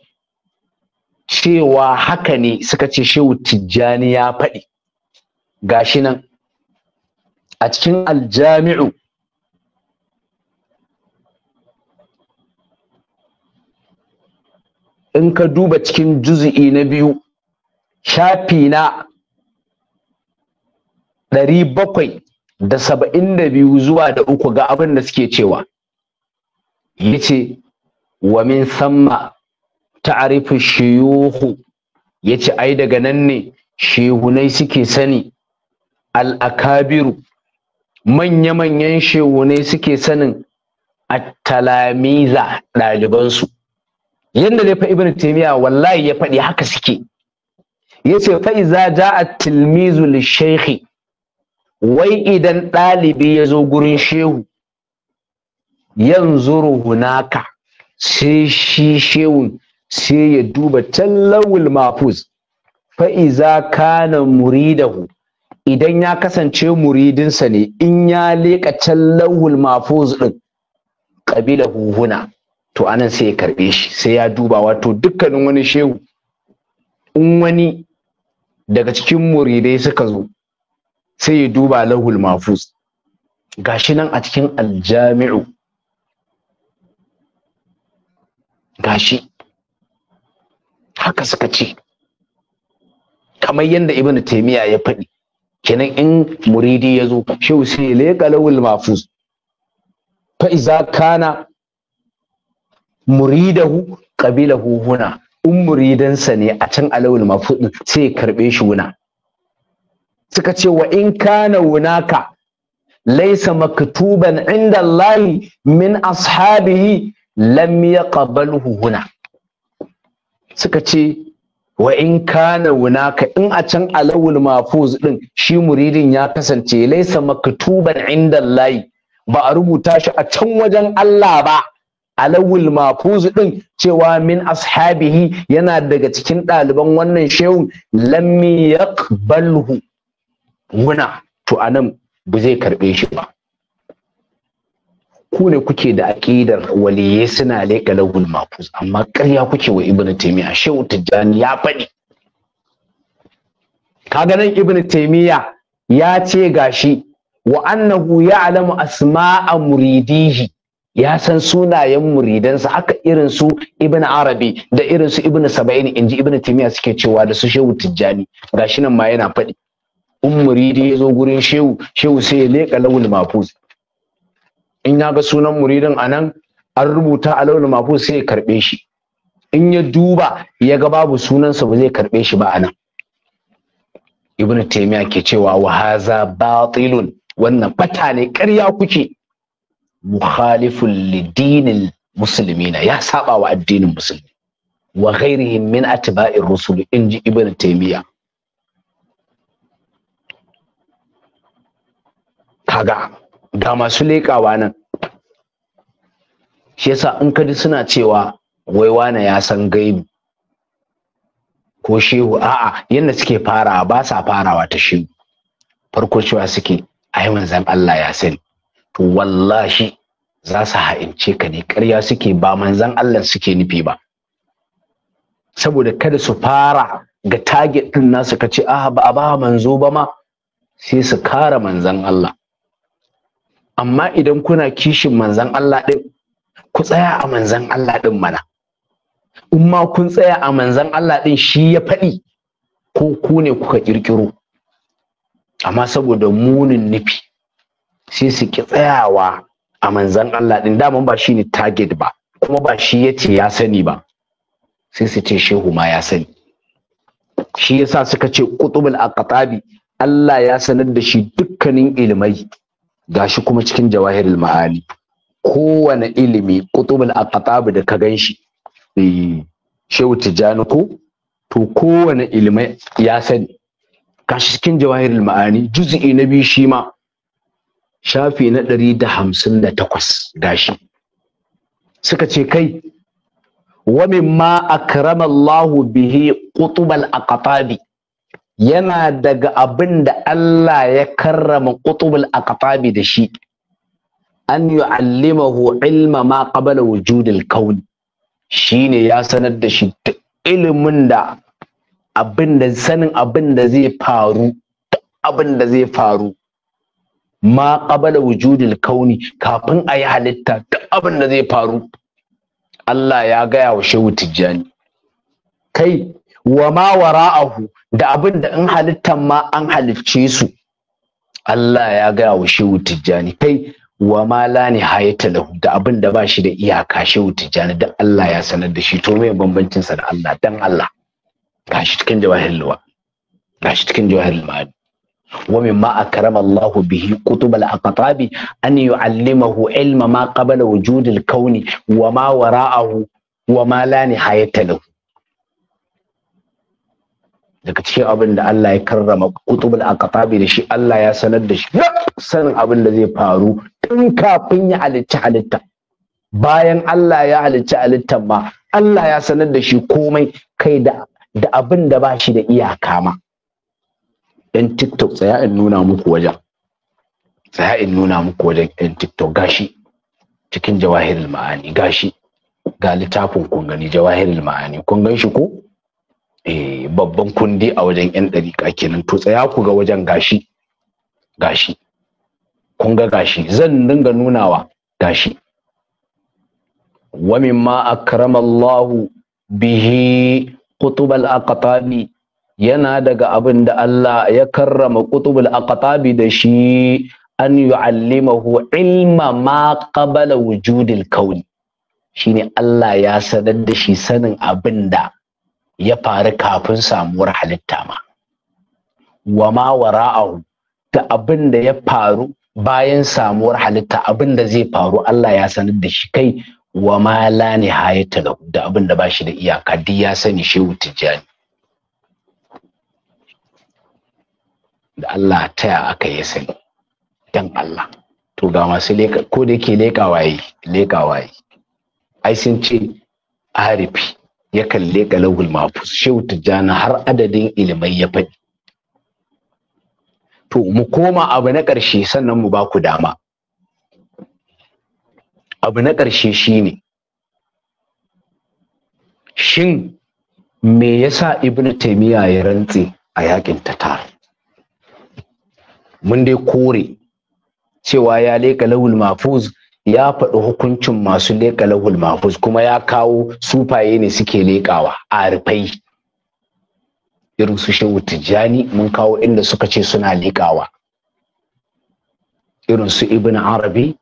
cewa haka ne suka ce shehu tijjani ya faɗi Ga shi nan a cikin aljami'u in ka duba cikin juzi'i na biyu shafi na ɗari bakwai da saba'in da biyu zuwa da uku ga abin da suke cewa ya ce wa min samma ta'arifu shiyuhu ya ce ai daga nan ne shehunai suke sani al'akabiru manya-manyan shehunai suke sanin a talamiza ɗalibansu yadda ne fa ibn taymiya wallahi ya faɗi haka suke yace fa iza ja'a tilmizu li shaykhi wai idan ɗalibi yazo gurin shehu yanzuru hunaka sai shi shehu sai ya duba tallawul mafuz fa iza kana muridahu idan ya kasance muridinsa ne in ya leƙa tallawul mafuz din qabilahu huna to anan sai ya karbe shi sai ya duba wato dukkanin wani shehu in wani daga cikin muridai suka zo sai ya duba lahul mafus gashi nan a cikin aljami'u gashi haka suka ce kamar yadda ibn taimiya ya faɗi kenan in muridi ya zo shehu sai ya leƙa lahul mafus fa iza kana muridahu qabilahu huna in muridansa ne a can alawul mafud sai ya karbe shi wuna suka ce wa in kana wunaka laysa maktuban inda Allah min ashabihi lam yaqbalhu huna suka ce wa in kana wunaka in a can alawul mafuz din shi muridin ya kasance laysa maktuban inda Allah ba a rubuta shi a can wajen Allah ba alawul mafuz din cewa min ashabihi yana daga cikin ɗaliban wannan shehu lam yaqbalhu muna to anan bu zai karbe shi ba ku ne kuke da aƙidar waliyai suna leka lawul mafuz amma ƙarya kuke wa ibnu taymiya shehu tijjani ya faɗi kaga nan ibnu taymiya ya ce gashi wa annahu ya'lamu asma'a muridihi ya san sunayen muridansa aka irin su ibn arabi da irin su ibn saba'in inji ibn timiya suke cewa da su shehu tijjani gashi nan ma yana faɗi in muridi ya zo gurin shehu shehu sai ya leƙa lawul mafuz in ya ga sunan muridin a nan an rubuta a lawul mafuz sai ya karɓe shi in ya duba ya ga babu sunansa ba zai karɓe shi ba a nan ibn timiya ke cewa wa haza batilun wannan fata ne ƙarya kuke mukhalifun lidinin musulmina ya saba wa addinin musulmi wa ghairihim min atba'ir rusul inji ibn taymiya kaga ga masu leƙawa nan shi yasa in ka ji suna cewa wai wane ya san gaibi ko shehu a'a yanda suke farawa ba sa farawa ta shehu farko cewa suke ai manzon Allah ya sani Wallashi za su ha'ince ka ne ƙarya suke ba manzan Allah suke nufi ba saboda kada su fara ga target ɗin nasu ka ce ah ba a ba manzo ba ma sai su kara manzan Allah amma idan kuna kishin manzan Allah ɗin ku tsaya a manzan Allah ɗin mana in ma kun tsaya a manzan Allah ɗin shi ya faɗi ko ku ne kuka ƙirƙiro amma saboda munin nufi sai su ki tsayawa a manzan Allah din daman ba shine target ba kuma ba shi yace ya sani ba sai su ce shehu ma ya sani shi yasa suka ce qutubul aqtabi Allah ya sanar da shi dukkanin ilmai gashi kuma cikin jawahirul ma'ani kowane ilimi qutubul aqtabi da ka ganshi eh, shehu tijani ko to kowane ilmai ya sani gashi cikin jawahirul ma'ani juz'i na biyu shi ma shafi na ɗari da hamsin da takwas gashi suka ce kai wa mimma akrama Allahu bihi qutubal aqtabi yana daga abin da Allah ya karrama qutubal aqtabi da shi an yu'allimahu ilma ma qabla wujudil Shi shine ya sanar da shi ilimin da abin da sanin abin da zai faru abin da zai faru ma qabala wujudil kauni kafin a yi halitta duk abin da zai faru Allah ya gaya wa shehu tijjani kai wa ma wara'ahu da abin da in halittan ma an halicce su Allah ya gaya wa shehu tijjani kai wa ma la nihayata lahu da abin da ba shi da iyaka shehu tijjani dan Allah ya sanar da shi to me bambancin sa da Allah dan Allah gashi cikin jawahirul wa gashi cikin jawahirul ma'ani ومما أكرم الله به كتب الأقطاب أن يعلمه علم ما قبل وجود الكون وما وراءه وما لا نهاية له daga cikin abin da Allah ya karrama kutubul aqtabi da shi Allah ya sanar da shi sanin abin da zai faru tun kafin ya halicci halitta bayan Allah ya halicci halittan ma Allah ya sanar da shi komai kai da da abin da ba shi da iyaka ma 'yan tiktok tsaya in nuna muku wajen tsaya nuna muku wajen 'yan tiktok gashi cikin jawahirin ma'ani gashi ga littafin kun gani jawahirin ma'ani kun gan shi ko eh babban kundi a wajen 'yan ɗariƙa kenan to tsaya ku ga wajen gashi gashi kun ga gashi zan dinga nunawa gashi wa mimma akramallahu bihi qutubal aqtani yana daga abin da Allah ya karrama qutubul aqtabi da shi an yu'allimahu ilma ma qabala wujudil kauni shine Allah ya sanar da shi sanin abin da ya faru kafin samuwar halitta ma wa ma wara'ahu da abin da ya faru bayan samuwar halitta abin da zai faru Allah ya sanar da shi kai wa ma la nihayata da abin da bashi da iyaka duk ya sani shehu tijjani da Allah taya aka yi sani dan Allah to ga masu leka ko da yake leka waye leka waye ai sun ce arifi yakan leka lawul mafus shehu tijjana har adadin ilimai ya faɗi to mu koma abu na ƙarshe sannan mu ba ku dama abu na ƙarshe shine shin me yasa ibnu taymiya ya rantse a yakin tatar mun dai kore cewa ya leƙa lahul mafuz ya faɗi hukuncin masu leƙa lahul mafuz kuma ya kawo sufaye ne suke leƙawa a rufai irin su shehu tijjani mun kawo inda suka ce suna leƙawa irin su ibn arabi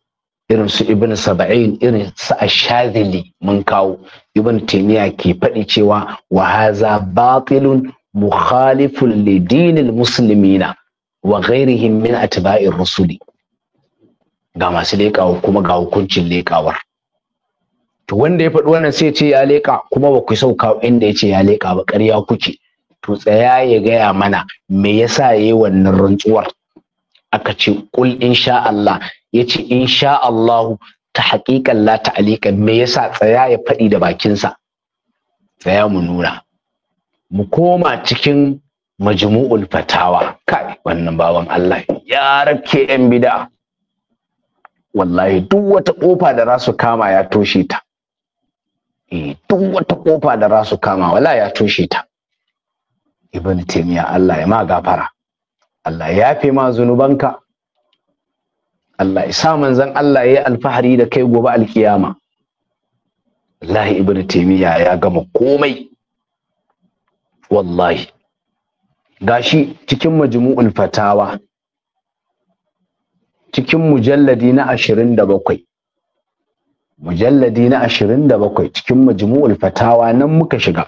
irin su ibn saba'in irin su ashadili mun kawo ibn taimiya ke faɗi cewa wa haza batilun mukhalifun lidinil muslimina wa ghairihim min atba'ir rusuli ga masu leƙawa kuma ga hukuncin leƙawar to wanda ya faɗi wannan sai ce ya leƙa kuma ba ku sauka inda ya ce ya leƙa ba ƙarya kuke to tsaya ya gaya mana me yasa yayi wannan rantsuwar aka ce kul insha Allah ya ce insha Allah ta haƙiƙan la ta'alika me yasa tsaya ya faɗi da bakinsa tsaya mu nuna mu koma cikin majmu'ul fatawa kai wannan bawan Allah ya rake yan bid'a wallahi duk wata kofa da za su kama ya toshe ta eh duk wata kofa da za su kama wala ya toshe ta ibn taymiya Allah ya ma gafara Allah ya yafe ma zunubanka Allah ya sa manzon Allah ya yi alfahari da kai gobe alkiyama wallahi ibn taymiya ya gama komai wallahi gashi cikin majmu'ul fatawa cikin mujalladi na 27 mujalladi na 27 cikin majmu'ul fatawa nan muka shiga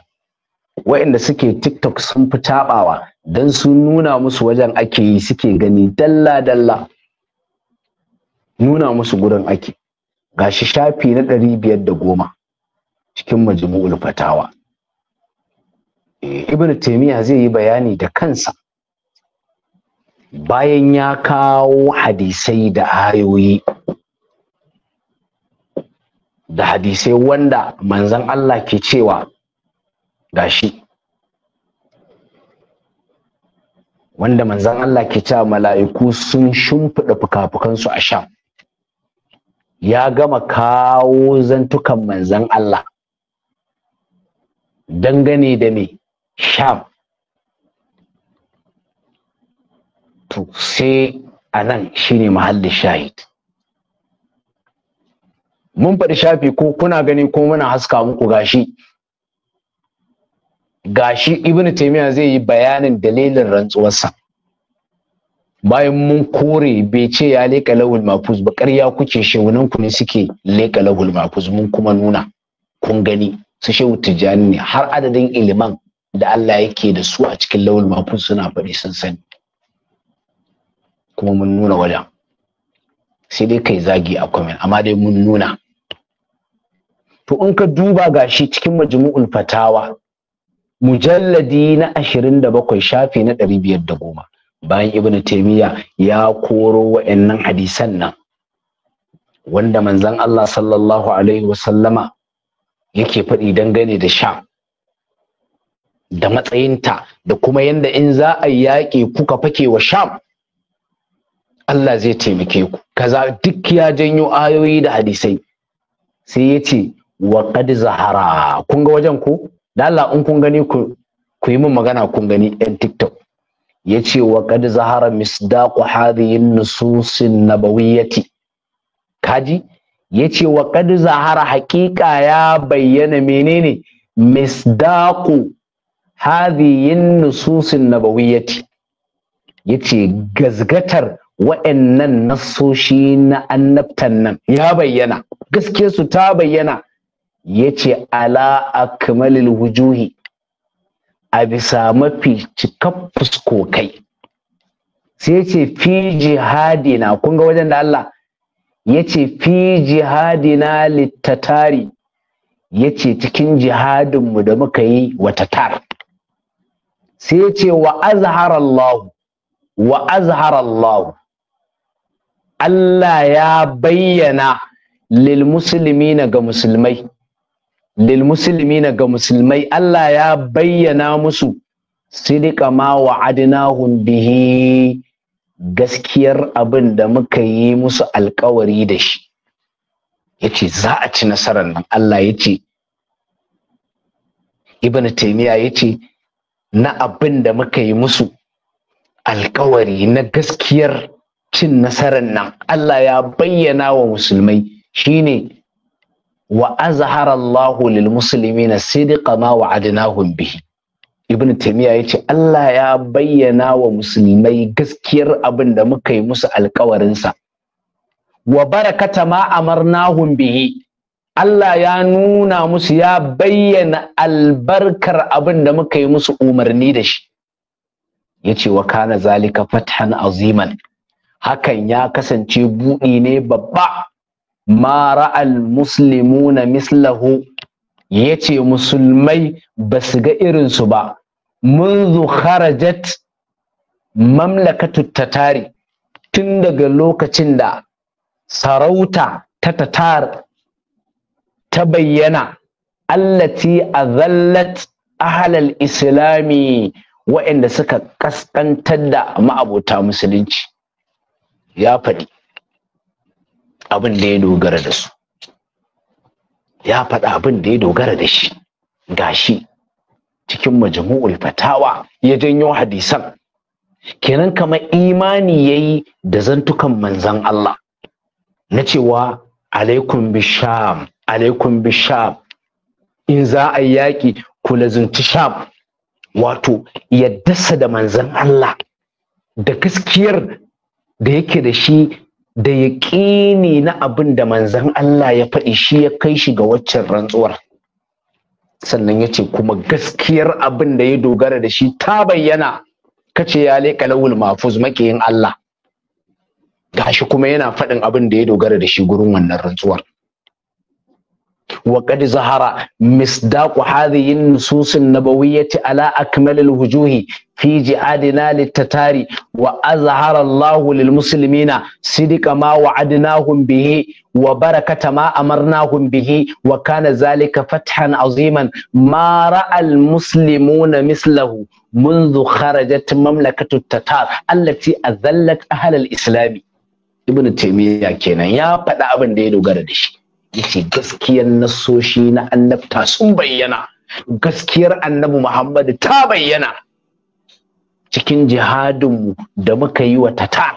waɗanda suke tiktok sun fi taɓawa don sun nuna musu wajen ake yi suke gani dalla dalla nuna musu gurin ake gashi shafi na ɗari biyar da goma cikin majmu'ul fatawa ibn taimiyya zai yi bayani da kansa bayan ya kawo hadisai da ayoyi da hadisai wanda manzan Allah ke cewa gashi wanda manzan Allah ke cewa mala'iku sun shimfiɗa fuka-fukansu a sha, ya gama kawo zantukan manzan Allah dangane da me sham to sai a nan shine mahallin shahid mun faɗi shafi ko kuna gani ko muna haska muku gashi gashi ibn taymiya zai yi bayanin dalilin rantsuwarsa bayan mun kore bai ce ya leka lahul mafuz ba ƙarya kuke shehunan ku ne suke leƙa lahul mafuz mun kuma nuna kun gani su shehu tijjani ne har adadin iliman da Allah yake da su a cikin lawul mafun suna faɗi sun sani kuma mun nuna wajen sai dai kai zagi a comment amma dai mun nuna to in ka duba gashi cikin majmu'ul fatawa mujalladi na ashirin da bakwai shafi na ɗari biyar da goma, bayan ibnu taymiya ya koro wa'annan hadisan nan wanda manzon Allah sallallahu alaihi wasallama yake faɗi dangane da sha da matsayinta da kuma yanda in za a yaƙi kuka fake wa sham Allah zai taimake ku kaza duk ya janyo ayoyi da hadisai sai ya ce wa qad zahara kun ga wajen ku da Allah in kun gani ku ku yi min magana kun gani ɗan TikTok ya ce wa qad zahara misdaqu hadhihi nususin nabawiyyati kaji ya ce wa qad zahara haƙiƙa ya bayyana menene misdaqu hadhiyin nususin ya ce gazgatar wa'annan nasoshi na annabtan nan ya bayyana gaske su ta bayyana ya ce ala akmalil wujuhi a bisa mafi cikar fuskokai sai ce fi jihadina kun ga wajen da Allah ya ce fi jihadina littatari ya ce cikin jihadinmu da muka yi wa tatar sai ce wa Azhar Allah wa Azhar Allah Allah ya bayyana lil muslimina ga musulmai lil muslimina ga musulmai Allah ya bayyana musu sidika ma wa adnahum bihi gaskiyar abin da muka yi musu alkawari da shi yace za a ci nasarar nan Allah yace ibn taymiya yace na abin da muka yi musu alkawari na gaskiyar cin nasarar nan Allah ya bayyana wa musulmai shine wa azhara Allahu lil muslimina sidqa ma wa'adnahum bihi ibn taymiya yace Allah ya bayyana wa musulmai gaskiyar abin da muka yi musu alkawarinsa wa barakata ma amarnahum bihi Allah ya nuna musu ya bayyana albarkar abin da muka yi musu umarni da shi ya ce wa kana zalika fathan aziman hakan ya kasance buɗi ne babba al-muslimu na mislahu ya ce musulmai ba su ga irinsu ba Mun منذ خرجت mamlakatu tatari tun daga lokacin da sarauta ta tatar ta bayyana allati azallat ahlal islami wa'inda suka kaskantar da ma'abota musulunci ya faɗi abin da ya dogara da su ya faɗi abin da ya dogara da shi gashi cikin majmu'ul fatawa ya janyo hadisan kenan kamar imani yayi da zantukan manzan Allah na cewa alaikum bisham alaikum bi in za a yaƙi ku lazunci sham wato yaddarsa da manzan Allah da gaskiyar da yake da shi da yaƙini na abin da manzan Allah ya faɗi shi ya kai shi ga waccan rantsuwar sannan ya ce kuma gaskiyar abin da ya dogara da shi ta bayyana kace ya leƙa lawul mafuz makiyin Allah gashi kuma yana faɗin abin da ya dogara da shi gurin wannan rantsuwar وقد ظهر مصداق هذه النصوص النبوية على أكمل الوجوه في جهادنا للتتاري وأظهر الله للمسلمين صدق ما وعدناهم به وبركة ما أمرناهم به وكان ذلك فتحا عظيما ما رأى المسلمون مثله منذ خرجت مملكة التتار التي أذلت أهل الإسلام ibn taymiya kenan ya faɗa abin da ya dogara da shi yace gaskiyar nasoshi na annabta sun bayyana gaskiyar annabi Muhammadu ta bayyana cikin jihadinmu da muka yi wa tatar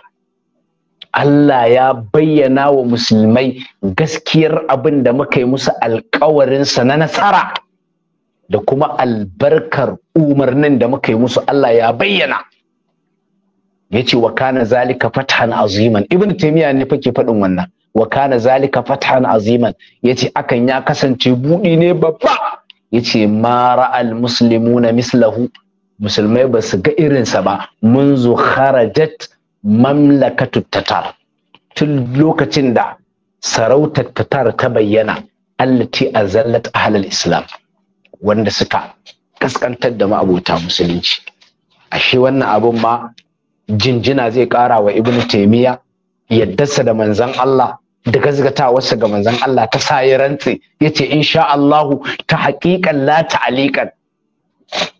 Allah ya bayyana wa musulmai gaskiyar abin da muka yi musu alkawarinsa na nasara da kuma albarkar umarnin da muka yi musu Allah ya bayyana ya ce wa kana zalika fathan aziman ibn taymiya ne fake faɗin wannan wa kana zalika fathan aziman yace akan ya kasance budi ne babba yace ma ra'al muslimuna mislahu musulmai ba su ga irinsa ba Mun zo kharajat mamlakatu tatar tun lokacin da sarautar tatar ta bayyana allati azallat ahlal islam wanda suka kaskantar da ma'abota musulunci ashe wannan abun ma jinjina zai kara wa ibnu taymiya yaddarsa da manzon Allah da gazgatawarsa ga manzon Allah ta sa ya rantse yace insha Allah ta haƙiƙan la aliƙan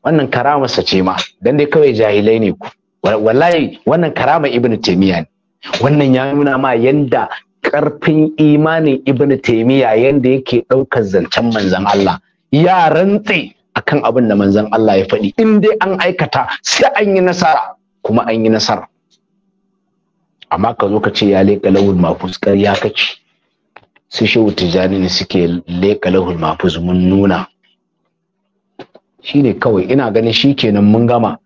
wannan karamarsa ce ma don dai kawai jahilai ne ku wallahi wannan karama ibnu taymiya ne wannan ya nuna ma yanda ƙarfin imanin ibnu taymiya yadda yake ɗaukar zancen manzon Allah ya rantse akan abin da manzon Allah ya faɗi in dai an aikata sai an yi nasara kuma an yi nasara amma ka zo ka ce ya leƙa lahul mafus ya kaci su shehu tijjani ne suke leƙa lahul mafus mun nuna shine kawai ina ganin shi kenan mun gama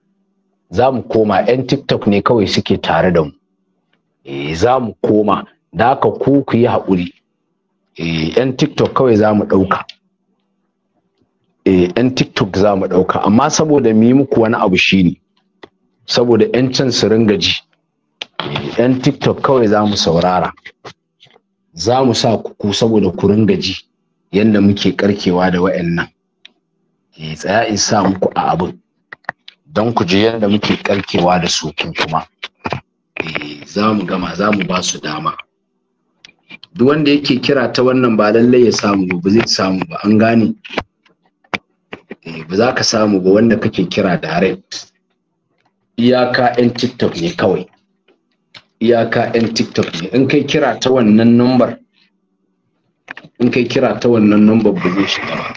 za mu koma 'yan tiktok ne kawai suke tare da mu e, za mu koma da haka ku ku yi haƙuri e, eh, 'yan tiktok kawai za mu ɗauka 'yan eh, tiktok za mu ɗauka amma saboda mu yi muku wani abu shine saboda 'yan can su ringa ji yan tiktok kawai za mu saurara za mu sa kuku saboda ku ringa ji yadda muke karkewa da wa'annan eh, tsaya in sa muku a abin don ku ji yadda muke karkewa da su kuma eh, za mu gama za mu ba su dama duk wanda yake kira ta wannan ba lallai ya samu ba zai samu ba an gane eh, ba za ka samu ba wanda kake kira direct iyaka 'yan tiktok ne kawai iyaka 'yan tiktok ne in kai kira ta wannan number in kai kira ta wannan number ba zai ba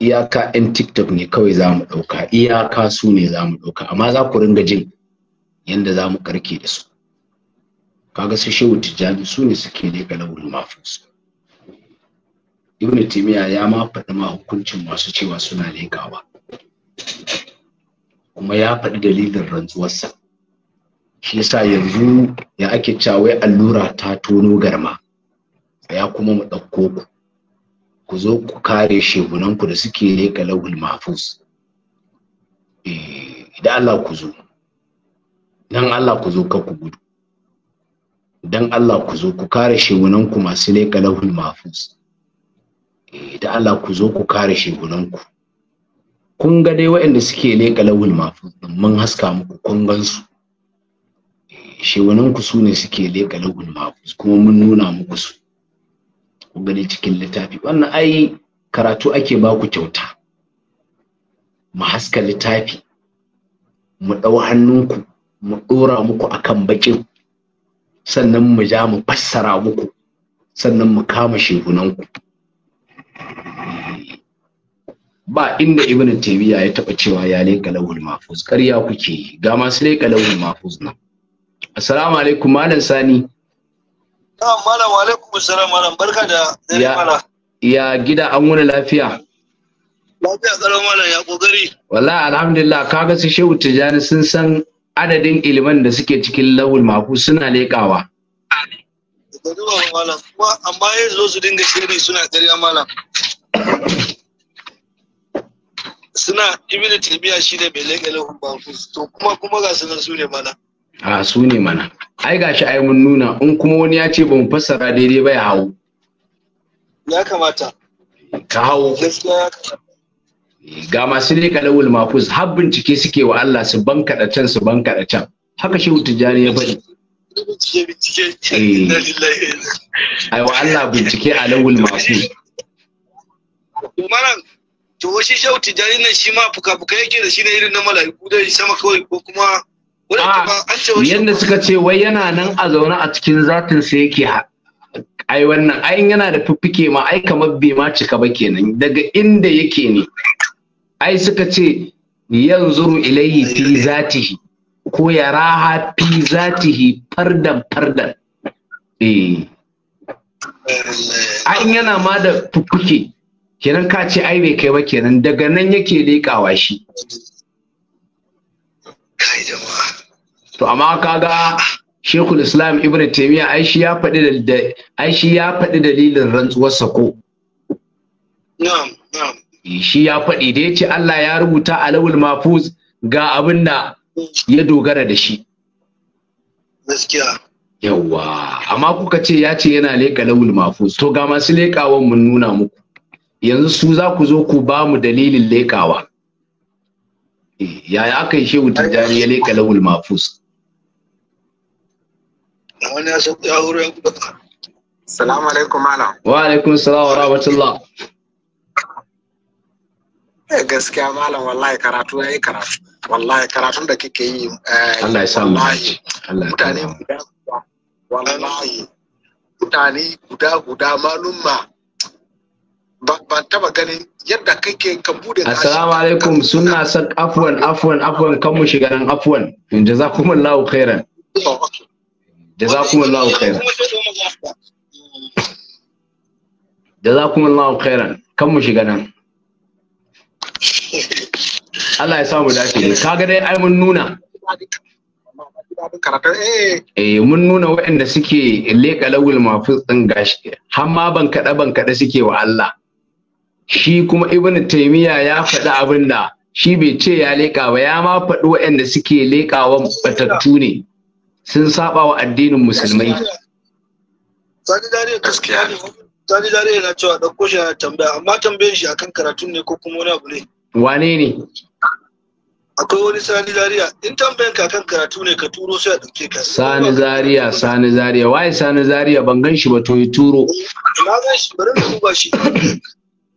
iyaka 'yan tiktok ne kawai za mu ɗauka iyaka su ne za mu ɗauka amma za ku ringa jin yadda za mu karke da su kaga su shehu tijjani su ne suke ne ga laurin mafus ibn timiya ya ma faɗi ma hukuncin masu cewa suna lekawa kuma ya faɗi dalilin rantsuwarsa shi yasa yanzu ya ake cewa allura ta tono garma ya kuma mu ɗauko ku ku zo ku kare shegunanku da suke leƙa lahul Eh idan Allah ku zo dan Allah ku zo ka ku gudu dan Allah ku zo ku kare shegunanku masu leƙa lahul mahfuz eh, idan Allah ku zo ku kare shegunanku kun ga dai waɗanda suke leƙa lahul mafus mun haska muku kun gansu shewaninku su ne suke leƙa lagun mafus kuma mun nuna muku su ku gani cikin littafi wannan ai karatu ake ba ku kyauta mu haska littafi mu ɗau hannunku mu ɗora muku akan baƙin sannan mu ja mu fassara muku sannan mu kama shehunanku ba inda ibnu taymiya ya taɓa cewa ya leƙa lawul mafuz ƙarya kuke ga masu leƙa lawul mafuz nan Assalamu alaikum Malam Sani. Na'am Malam wa alaikum assalam Malam barka da dare Malam. Ya gida an wuni lafiya. Lafiya kalau Malam ya kokari. Wallahi alhamdulillah kaga su Shehu Tijani sun san adadin iliman da suke cikin lawul mafu suna leƙawa. Amma ya zo su dinga shiri suna karya malam. Suna ibn tabiya shi da bai leƙa lawul mafu to kuma kuma ga sunan su ne malam. a su ne mana ai gashi ai mun nuna in kuma wani ya ce ba mu fassara daidai ba ya hau ya kamata ka hau eh, ga masu leƙa lawul mafuz har bincike suke wa Allah su bankaɗa can su bankaɗa can haka shi tijjani ya faɗi eh. ai wa Allah bincike a lawul mafuz malam to shi shehu tijjani nan shi ma fuka-fuka yake da shi ne irin na mala'iku dai sama kawai ko kuma yadda suka ce wai yana nan a zaune a cikin zatin sai yake ai wannan ai yana da fiffike ma ai kamar bai ma cika ba kenan daga inda yake ne ai suka ce yanzu ilayhi fi zatihi ko ya raha fi zatihi fardan fardan eh Ai yana ma da fiffike kenan ka ce ai bai kai ba kenan daga nan yake leƙawa shi kai jama'a to amma kaga Shekul Islam Ibn taimiya, ai shi ya faɗi da ya faɗi dalilin rantsuwar sa ko na'am na'am shi ya faɗi da yace Allah ya rubuta a lawul mafuz ga abin da ya dogara da shi gaskiya yawa amma kuka ce ya ce yana leƙa lawul mafuz to ga masu leƙawan mun nuna muku yanzu su za ku zo ku ba mu dalilin leƙawa eh, yaya aka yi shehu tijjani ya leƙa lawul mafuz da wani ya sauko ya horo ya gudu salamu alaikum malam wa alaikum salam wa rahmatullah eh, gaskiya malam wallahi karatu ya yi karatu wallahi karatun da kike yi eh, Allah ya sa samu mutane guda wallahi mutane guda guda malumma ban taba ganin yadda kake ka bude da assalamu alaikum suna san afwan afwan afwan kan mu shiga nan afwan jazakumullahu khairan oh, jazakumullahu khairan jazakumullahu khairan kan mu shiga nan Allah ya samu dace ne kaga dai ai mun nuna eh mun nuna waɗanda suke leƙa lawul mafuz din gashi har ma ban kada ban kada suke wa Allah shi kuma ibn taymiya ya faɗi abinda shi bai ce ya leƙa ba ya ma faɗi waɗanda suke wa batattu ne sun saba wa addinin musulmai sani dare gaskiya ne sani dare yana cewa ɗauko shi a tambaya amma tambayan shi akan karatu ne ko kuma wani abu ne wane ne akwai wani sani zaria in tambayan ka kan karatu ne ka turo sai a ɗauke ka sani zaria sani zaria waye sani zaria ban gan shi ba to ya turo na gan shi bari na duba shi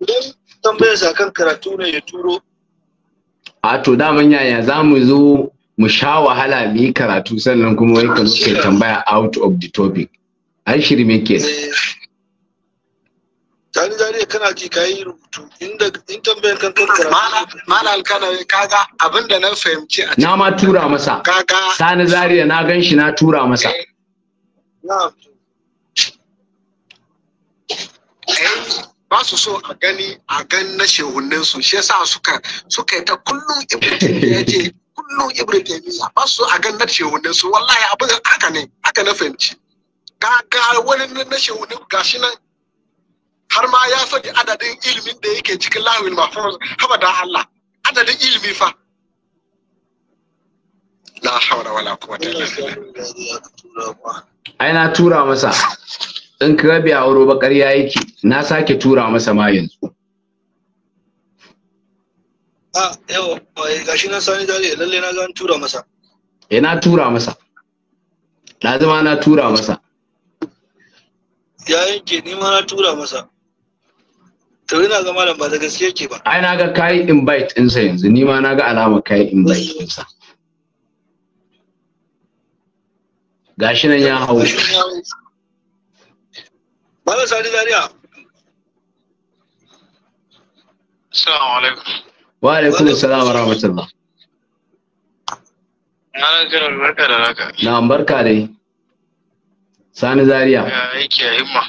idan tambayan sa kan karatu ne ya turo a to daman yaya za mu zo mu sha wahala mu yi karatu sannan kuma wai ka kai tambaya out of the topic an shiri me ke tani zariya kana ji kayi rubutu inda in tambayar kan kan karatu Mana alkana kaga abinda na fahimci a na ma tura masa kaga sani zariya na gan shi na tura masa eh. Eh, ba su so a gani a gan na shehunan su shi yasa suka suka ta kullum ibnu ya ce kullum ibn taymiya ba su a gan na shehunin su wallahi abin haka ne haka na fahimci ga ga wani na shehunin gashi nan har ma ya faɗi adadin ilimin da yake cikin lahawil mahfuz haba da Allah adadin ilimi fa la hawla wala quwwata illa billah ai na tura masa in ka biya auro bakar ya yake na sake tura masa ma yanzu a ah, yawa eh, gashi nan sani dare lalle na ga tura masa eh na tura masa lazima na tura masa ya yanke ni ma na tura masa to ina ga malam ba da gaske yake ba ai na ga kai invite din sa yanzu ni ma na ga alama kai invite din sa gashi nan ya hau malam sani dariya assalamu alaikum وعليكم السلام assalam الله rahmatullah barka barka dai sani zaria ya aiki a himma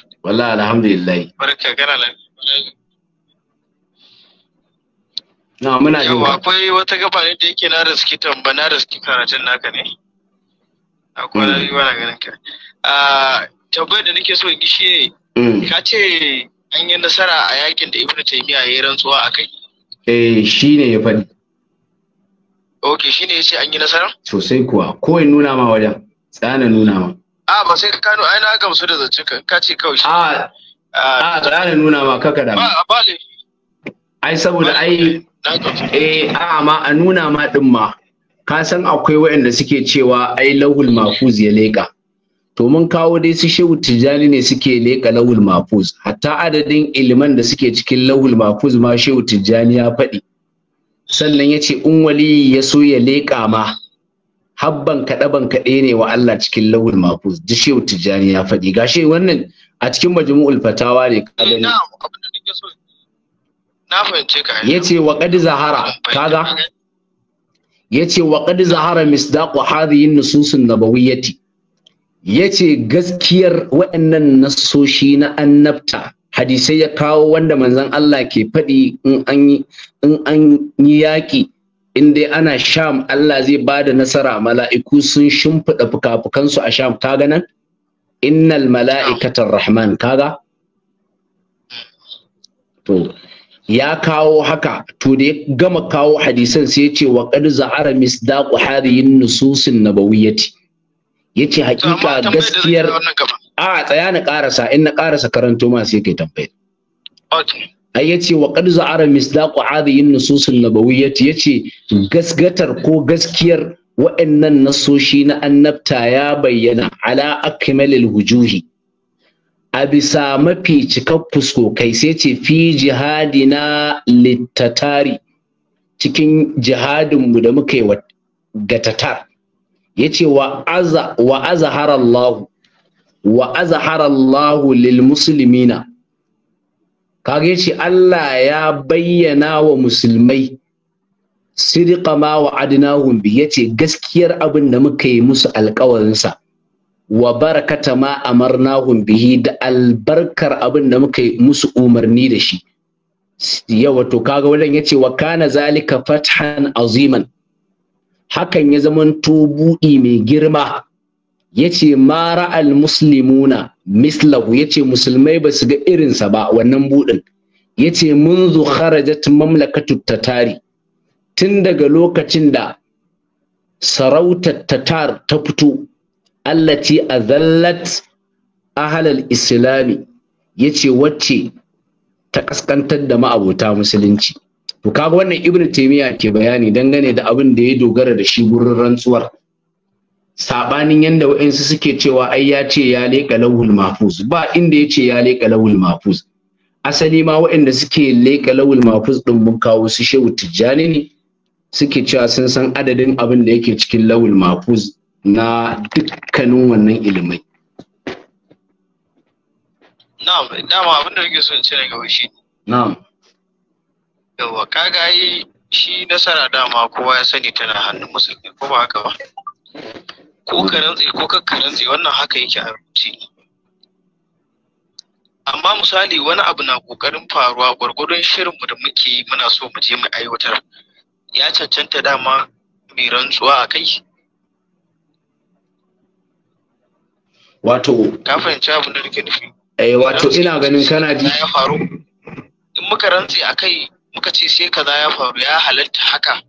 akwai wata gaba da yake na riski tamba na riski karatun naka ne akwai mm. da nake so mm. ka a yakin da ibnu rantsuwa a kai eh shi ne ya faɗi ok shi ne ya ce an yi nasara sosai kuwa ko in nuna ma wajen tsana nuna ma a ah, ba sai ka nuna aina gamsu da zancen ka ka ce kawai shi a ah, ah, tsana nuna ma kaka da ba ba ne ai saboda ai eh a ma a nuna ma din ma ka san akwai waɗanda suke cewa ai lahul mafuz ya leka to mun kawo dai su shehu tijjani ne suke leƙa lawul mafuz hatta adadin iliman da suke cikin lawul mafuz ma shehu tijjani ya faɗi sannan ya ce in wali ya so ya leƙa ma habban kaɗe ban kaɗe ne wa Allah cikin lawul mafuz ji shehu tijjani ya faɗi gashi wannan a cikin majmu'ul fatawa ne ka gani Ya ce yace wa qad zahara kaga yace wa qad zahara misdaqu hadhihi an-nusus an-nabawiyyati yace gaskiyar waɗannan nasoshi na annabta hadisai ya kawo wanda manzon Allah ke faɗi in an yi in an yi yaƙi in dai ana sham Allah zai ba da nasara mala'iku sun shimfiɗa fuka-fukansu a sham kaga nan innal mala'ikatar rahman kaga to ya kawo haka to da ya gama kawo hadisan sai ya ce wa qad za'ara misdaqu hadhihi nususin nabawiyyati yace hakika gaskiyar a tsaya na karasa in na karasa karanto ma sai kai tambaya ai yace wa qad za'ara misdaqu hadhihi an-nusus an-nabawiyyah yace hmm. gasgatar ko gaskiyar wa'annan nasoshi na annabta ya bayyana ala akmalil wujuhi a bisa mafi cikar kai sai ce fi jihadina littatari cikin jihadinmu da muka yi ga yace wa aza wa azhara Allah wa azhara Allah lil muslimina kaga yace Allah ya bayyana wa musulmai sidqa ma wa'adnahum bi yace gaskiyar abin da muka yi musu alƙawarin sa wa barakata ma amarnahum bihi da albarkar abin da muka yi musu umarni da shi yawa to kaga wannan yace wa kana zalika fathan aziman hakan ya zamanto buɗi mai girma yace mara al muslimuna mislahu yace musulmai ba su ga irinsa ba wannan buɗin yace munzu kharajat mamlakatu tatari tun daga lokacin da sarautar tatar ta fito allati azallat ahlal islami yace wacce ta ƙasƙantar da ma'abota musulunci to kaga wannan ibnu taymiya ke bayani dangane da abin da ya dogara da shi gurin rantsuwar sabanin yanda wa'ansu suke cewa ai ya ce ya leƙa lawul mafuz ba inda ya ce ya leƙa lawul mafuz asali ma wa'anda suke leƙa lawul mafuz din mun kawo su shehu tijjani ne suke cewa sun san adadin abin da yake cikin lawul mafuz na dukkanin wannan ilimai na'am dama abin da nake so in ce daga shi na'am yawa kaga yi shi nasara dama kowa ya sani tana hannun musulmi ko ba haka ba ko karantsi ko tsaye, wannan haka yake a rubuce amma misali wani abu na kokarin faruwa gwargwadon shirinmu da muke yi muna so mu je mu aiwatar ya cancanta dama mai rantsuwa a kai wato ka fahimci abu da rike nufi eh wato ina ganin kana ji ya faru in muka rantsi a kai muka ce sai kaza ya faru ya halarta haka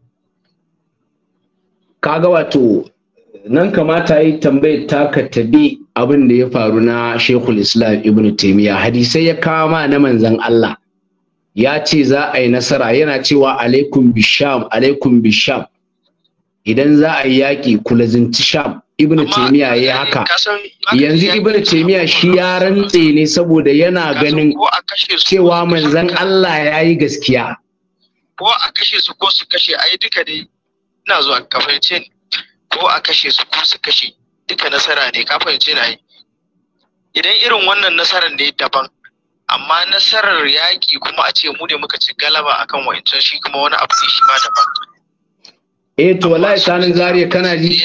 kaga wato nan kamata yi tambayar taka tabi abin da ya faru na shekul islam ibn taimiyya hadisai ya kama na manzan Allah ya ce za a yi nasara yana cewa alaikum bisham alaikum bisham idan za a yi yaƙi kula zinci sham ibn taymiya ya haka yanzu ibn taymiya shi ya rantse ne saboda yana ganin cewa manzon Allah ya yi gaskiya ko a kashe su ko su kashe ai duka dai ina zuwa ka fahimce ni ko a kashe su ko su kashe duka nasara ne ka fahimce na yi idan irin wannan nasarar ne daban amma nasarar yaƙi kuma a ce mu ne muka ci galaba akan wa'incan shi kuma wani abu ne shi ma daban eh to wallahi sanin zariya kana ji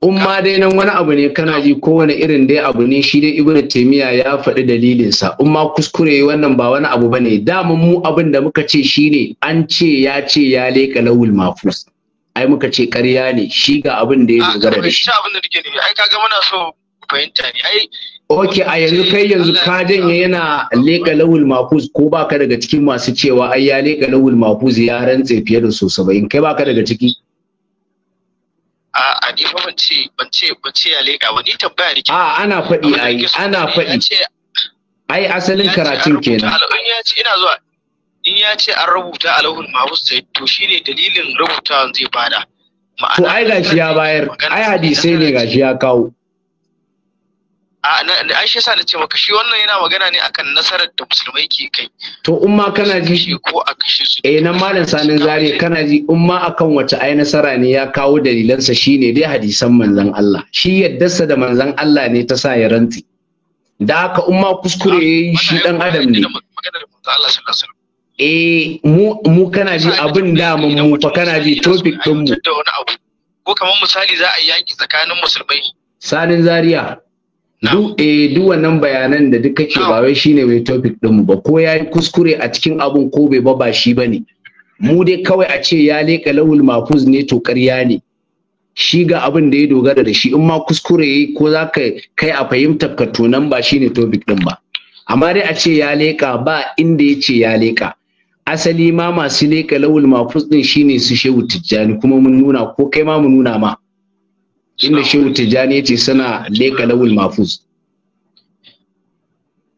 in ma dai nan wani abu ne kana ji kowane irin dai abu ne shi dai ibnu taymiya ya faɗi dalilinsa in ma kuskure wannan ba wani abu bane dama mu abin da muka ce shine an ce ya ce ya leka lawul mafus ai muka ce ƙarya ne shi ga abin da ya ah, dogara da shi abin a yanzu kai yanzu ka janye yana leka lawul mafus ko baka daga cikin masu cewa ai ya leka lawul mafuz ya rantse fiye da so 70 kai baka daga ciki a ni fa ban ce ban ce ban ce ya leka ba ni tambaya ne a ana faɗi ai ana faɗi ai asalin karatun kenan in ya ce ina zuwa in ya ce an rubuta alahul mahfuz sai to shine dalilin rubutawan zai bada to ai gashi ya bayar ai hadisai ne gashi ya kawo a shi yasa na ce maka shi wannan yana magana ne akan nasarar da musulmai ke kai to umma kana ji ko a kashe su eh nan malam sanin zari kana ji umma akan wace ai nasara ne ya kawo dalilansa shine dai hadisan manzon Allah shi yaddarsa da manzon Allah ne ta sa ya rantsi da haka umma kuskure yayi shi dan adam ne eh mu mu kana ji abin da mun mu fa kana ji topic din mu ko kamar misali za a yaki tsakanin musulmai sanin Zariya. Duk eh duk wannan bayanan da duk kake ba wai shine wai topic din mu ba ko yayi kuskure a cikin abun ko bai ba ba shi bane. Mu dai kawai a ce ya leka lawul mafuz ne to ƙarya ne. Shi ga abin da ya dogara da shi in ma kuskure yayi ko za ka kai a fahimtar ka to nan ba shine topic din ba. Amma dai a ce ya leka ba inda ya ce ya leka. Asali ma masu leka lawul mafuz din shine su shehu tijjani kuma mun nuna ko kai ma mu nuna ma. inda shehu tijjani ya ce suna leka lawul mafuz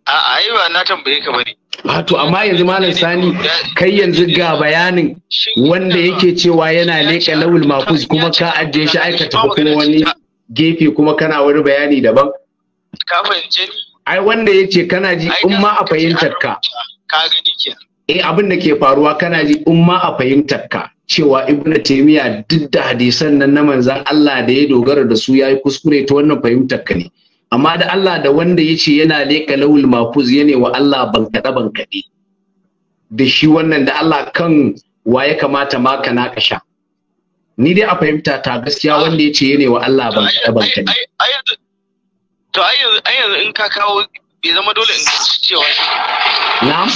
a ai ba na tambaye ka bane a amma yanzu malam sani kai yanzu ga bayanin wanda yake cewa yana leka lawul mafuz kuma ka ajiye shi aikata kuma wani gefe kuma kana wani bayani daban ka fahimce ni ai wanda yace kana ji in ma a fahimtar ka ka gani kenan eh abin da ke faruwa kana ji in ma a fahimtar ka cewa ibnu taymiya duk da hadisan nan na manzan Allah da ya dogara da su yayi kuskure ta wannan fahimtar ka ne amma da Allah da wanda ya ce yana leka lawul mafuz yana wa Allah ban kada ban kade da shi wannan da Allah kan wa ya kamata ma ka na kasha ni dai a fahimta ta gaskiya wanda ya ce yana wa Allah ban bankaɗe to ai in ka kawo bai zama dole in cewa na'am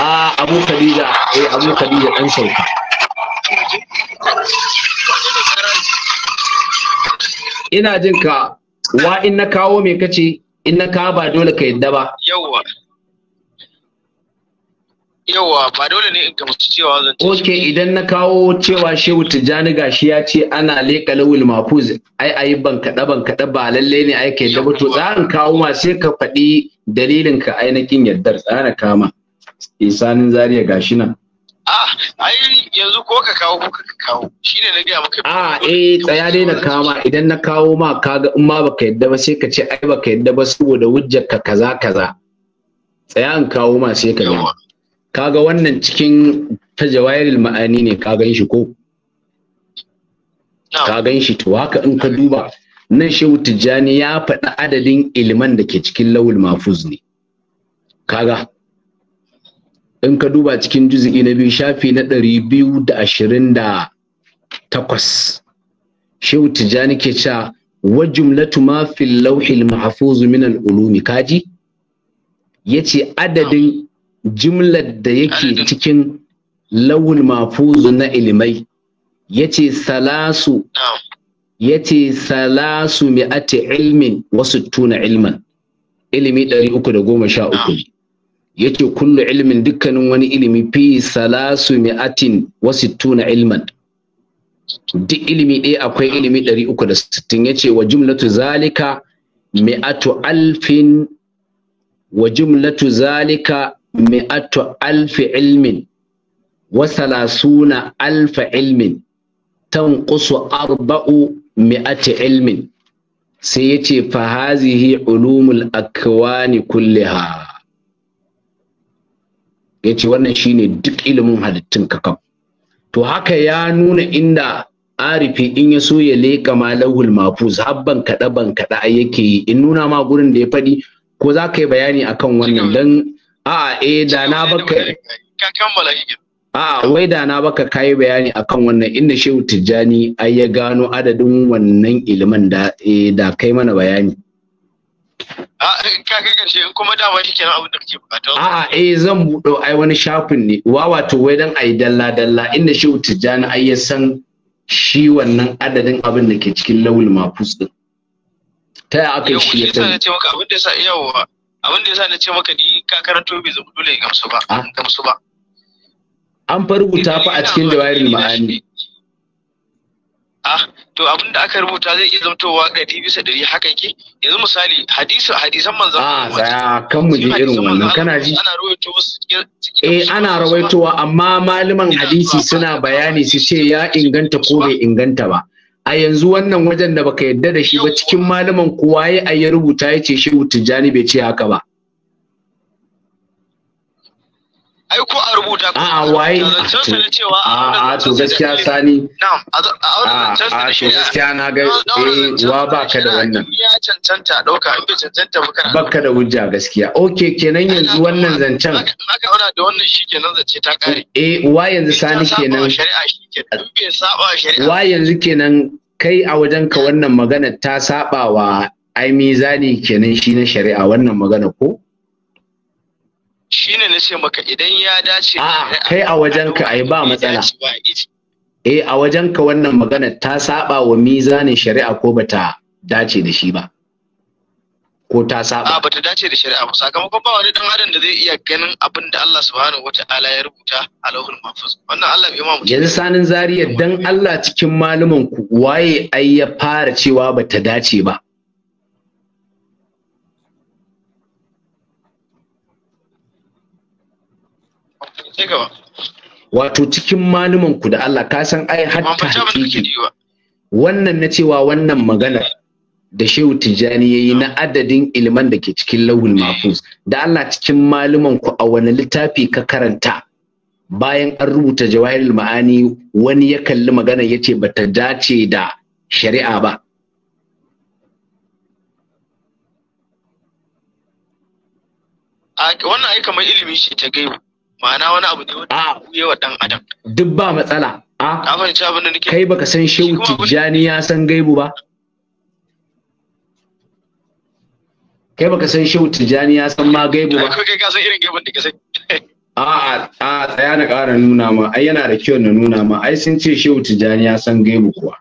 a abu khadija eh abu khadija dan sauka ina jin ka wa in na kawo me kace in na kawo ba dole ka yadda ba yawa yawa ba dole ne in gamsu cewa zan okay idan na kawo cewa shehu tijjani gashi ya ce ana leka lawul mafuz ai ayi ban kaɗa ban kaɗa ba lalle ne ai ka yadda ba to tsarin kawo ma sai ka faɗi dalilin ka ainihin yardar tsara kama isanin zaria gashi nan ah ai yanzu ko ka kawo ko ka kawo shine na gaya maka ah eh tsaya dai na kawo ma idan na kawo ma kaga in ma baka yadda ba sai ka ce ai baka yadda ba saboda hujjar ka kaza kaza tsaya in kawo ma sai ka ga kaga wannan cikin ta jawairil ma'ani ne ka gan shi ko ka gan shi to haka in ka duba nan shehu tijjani ya faɗi adadin ilman da ke cikin lawul mafuz ne kaga in ka duba cikin juzi'i na biyu shafi na ɗari biyu da ashirin da takwas shehu tijjani ke cewa wa jumlatu ma fil lauhil mahfuz min al ulumi kaji yace adadin jumlar da yake cikin lawul mafuzu na ilimai yace salasu yace salasu mi'ati ilmin wa sittuna ilman ilimi 313 yace kullu ilmin dukkanin wani ilimi fi salasu mi'atin wa sittuna ilman duk ilimi ɗaya akwai ilimi ɗari uku da sittin yace wa jumlatu zalika mi'atu alfin wa jumlatu zalika mi'atu alfi ilmin wa salasuna alfa ilmin tanqusu arba'u mi'ati ilmin sai yace fa hazihi ulumul akwani kulliha Yace wannan shine duk ilimin halittun kakam to haka ya nuna inda arifi in ya so ya leƙa malahul mafuz habban kaɗa ban kaɗa yake yi in nuna ma gurin da ya faɗi ko za ka yi bayani akan wannan don a'a eh da na eh, baka a'a wai da na baka kayi bayani akan wannan inda shehu tijjani ai ya gano adadin wannan ilimin da eh, da kai mana bayani in ka kai in kuma dama shi kenan abin da kake bukata a'a eh zan buɗo ai wani shafin ne wa wato wai dan ai dalla dalla inda shi tijjani ai ya san shi wannan adadin abin da ke cikin lawul mafus din ta yaya aka shi ya san na ce maka ni ka karanto bai ah. an fa rubuta fa a cikin jawahirul ma'ani ah to abin da aka rubuta zai iya zamtowa ɗari bisa dari haka ke yanzu misali hadisu hadisan manzon a ah, zaya kan mu je irin wannan kana ji eh ana rawaitowa amma malaman hadisi suna bayani su ce ya inganta ko bai inganta ba a yanzu wannan wajen da baka yadda da shi ba cikin malaman kowa ya rubuta ya ce shi tijjani bai ce haka ba ai ko a rubuta ko a waye zancensa na cewa a to gaskiya sani a to gaskiya na ga eh wa baka da wannan ya cancanta dauka in bai cancanta ba baka da hujja gaskiya okay kenan yanzu wannan zancen maka ona da wannan shikenan zance ta kare eh wa yanzu sani kenan shari'a shikenan bai saba shari'a wa yanzu kenan kai a wajen ka wannan magana ta saba wa ai mizani kenan shi na shari'a wannan magana ko shi ne na ce maka idan ya dace a kai a wajenka ai ba matsala eh a wajenka wannan magana ta saba wa mizanin shari'a ko ba ta dace da shi ba ko ta saba ba ta dace da shari'a ba sakamakon ba wani dan adam da zai iya ganin abin da Allah subhanahu wata'ala ya rubuta a lauhul mahfuz wannan Allah bai ma mutum yanzu sanin zariya dan Allah cikin malumin ku waye ai ya fara cewa ba ta dace ba wato cikin malumin ku da Allah ka san ai hatta hakiki wannan na cewa wannan magana da Shehu Tijjani yayi na adadin ilman da ke cikin lauhul mahfuz da Allah cikin malumin ku a wani littafi ka karanta bayan an rubuta jawahirul ma'ani wani ya kalli magana yace bata dace da shari'a ba wannan ai kamar ilimi shi ta gaibu ma'ana wani abu ne wanda ya wa dan adam duk ba matsala a kai baka san shehu tijjani ya san gaibu ba kai baka san shehu tijjani ya san ma gaibu ba kai ka san irin gaibun da ka san a a tsaya na ƙara nuna ma ai yana da kyau na nuna ma ai sun ce shehu tijjani ya san gaibu kuwa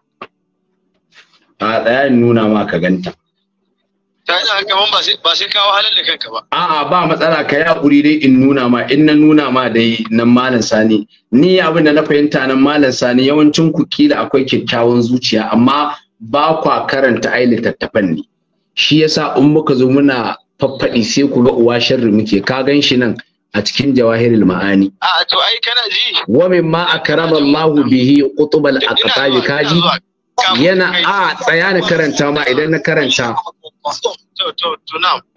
a tsaya nuna ma ka ganta ka haka kaman ba sai kawo wahalar da kanka ba a'a ba matsala ka yaƙuri dai in nuna ma in na nuna ma dai nan malam sani ni abin da na fahimta nan malam sani yawancin ku kila akwai kyakkyawan zuciya amma ba kwa karanta ai littattafan ne shi yasa in muka zo muna faffaɗi sai ku ga uwa sharri muke ka gan shi nan a cikin jawahirul ma'ani a to ai kana ji wa ma akrama bihi qutubal aqtabi kaji yana a tsaya na karanta ma idan na karanta Oh,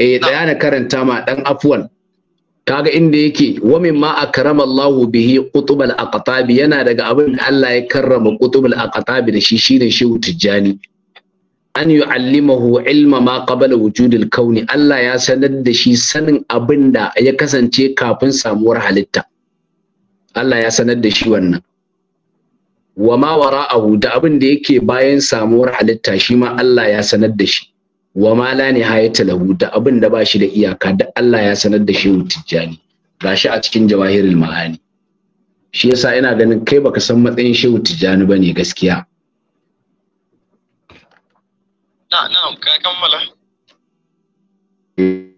eh tsaya na karanta ma dan afwan kaga inda yake wa ma a Allah bihi qutub al yana daga abin da Allah ya karrama qutub al-aqtab da shi shine shehu tijjani an yu'allimahu ilma ma qabla wujud kauni Allah ya sanar da shi sanin abin da ya kasance kafin samuwar halitta Allah ya sanar da shi wannan wa ma wara'ahu da abin da yake bayan samuwar halitta shi ma Allah ya sanar da shi wa ma la nihayata da abin da ba shi da iyaka duk Allah ya sanar da shehu tijjani gashi a cikin jawahirul ma'ani shi yasa ina ganin kai baka san matsayin shehu tijjani bane gaskiya na'am ka kammala eh.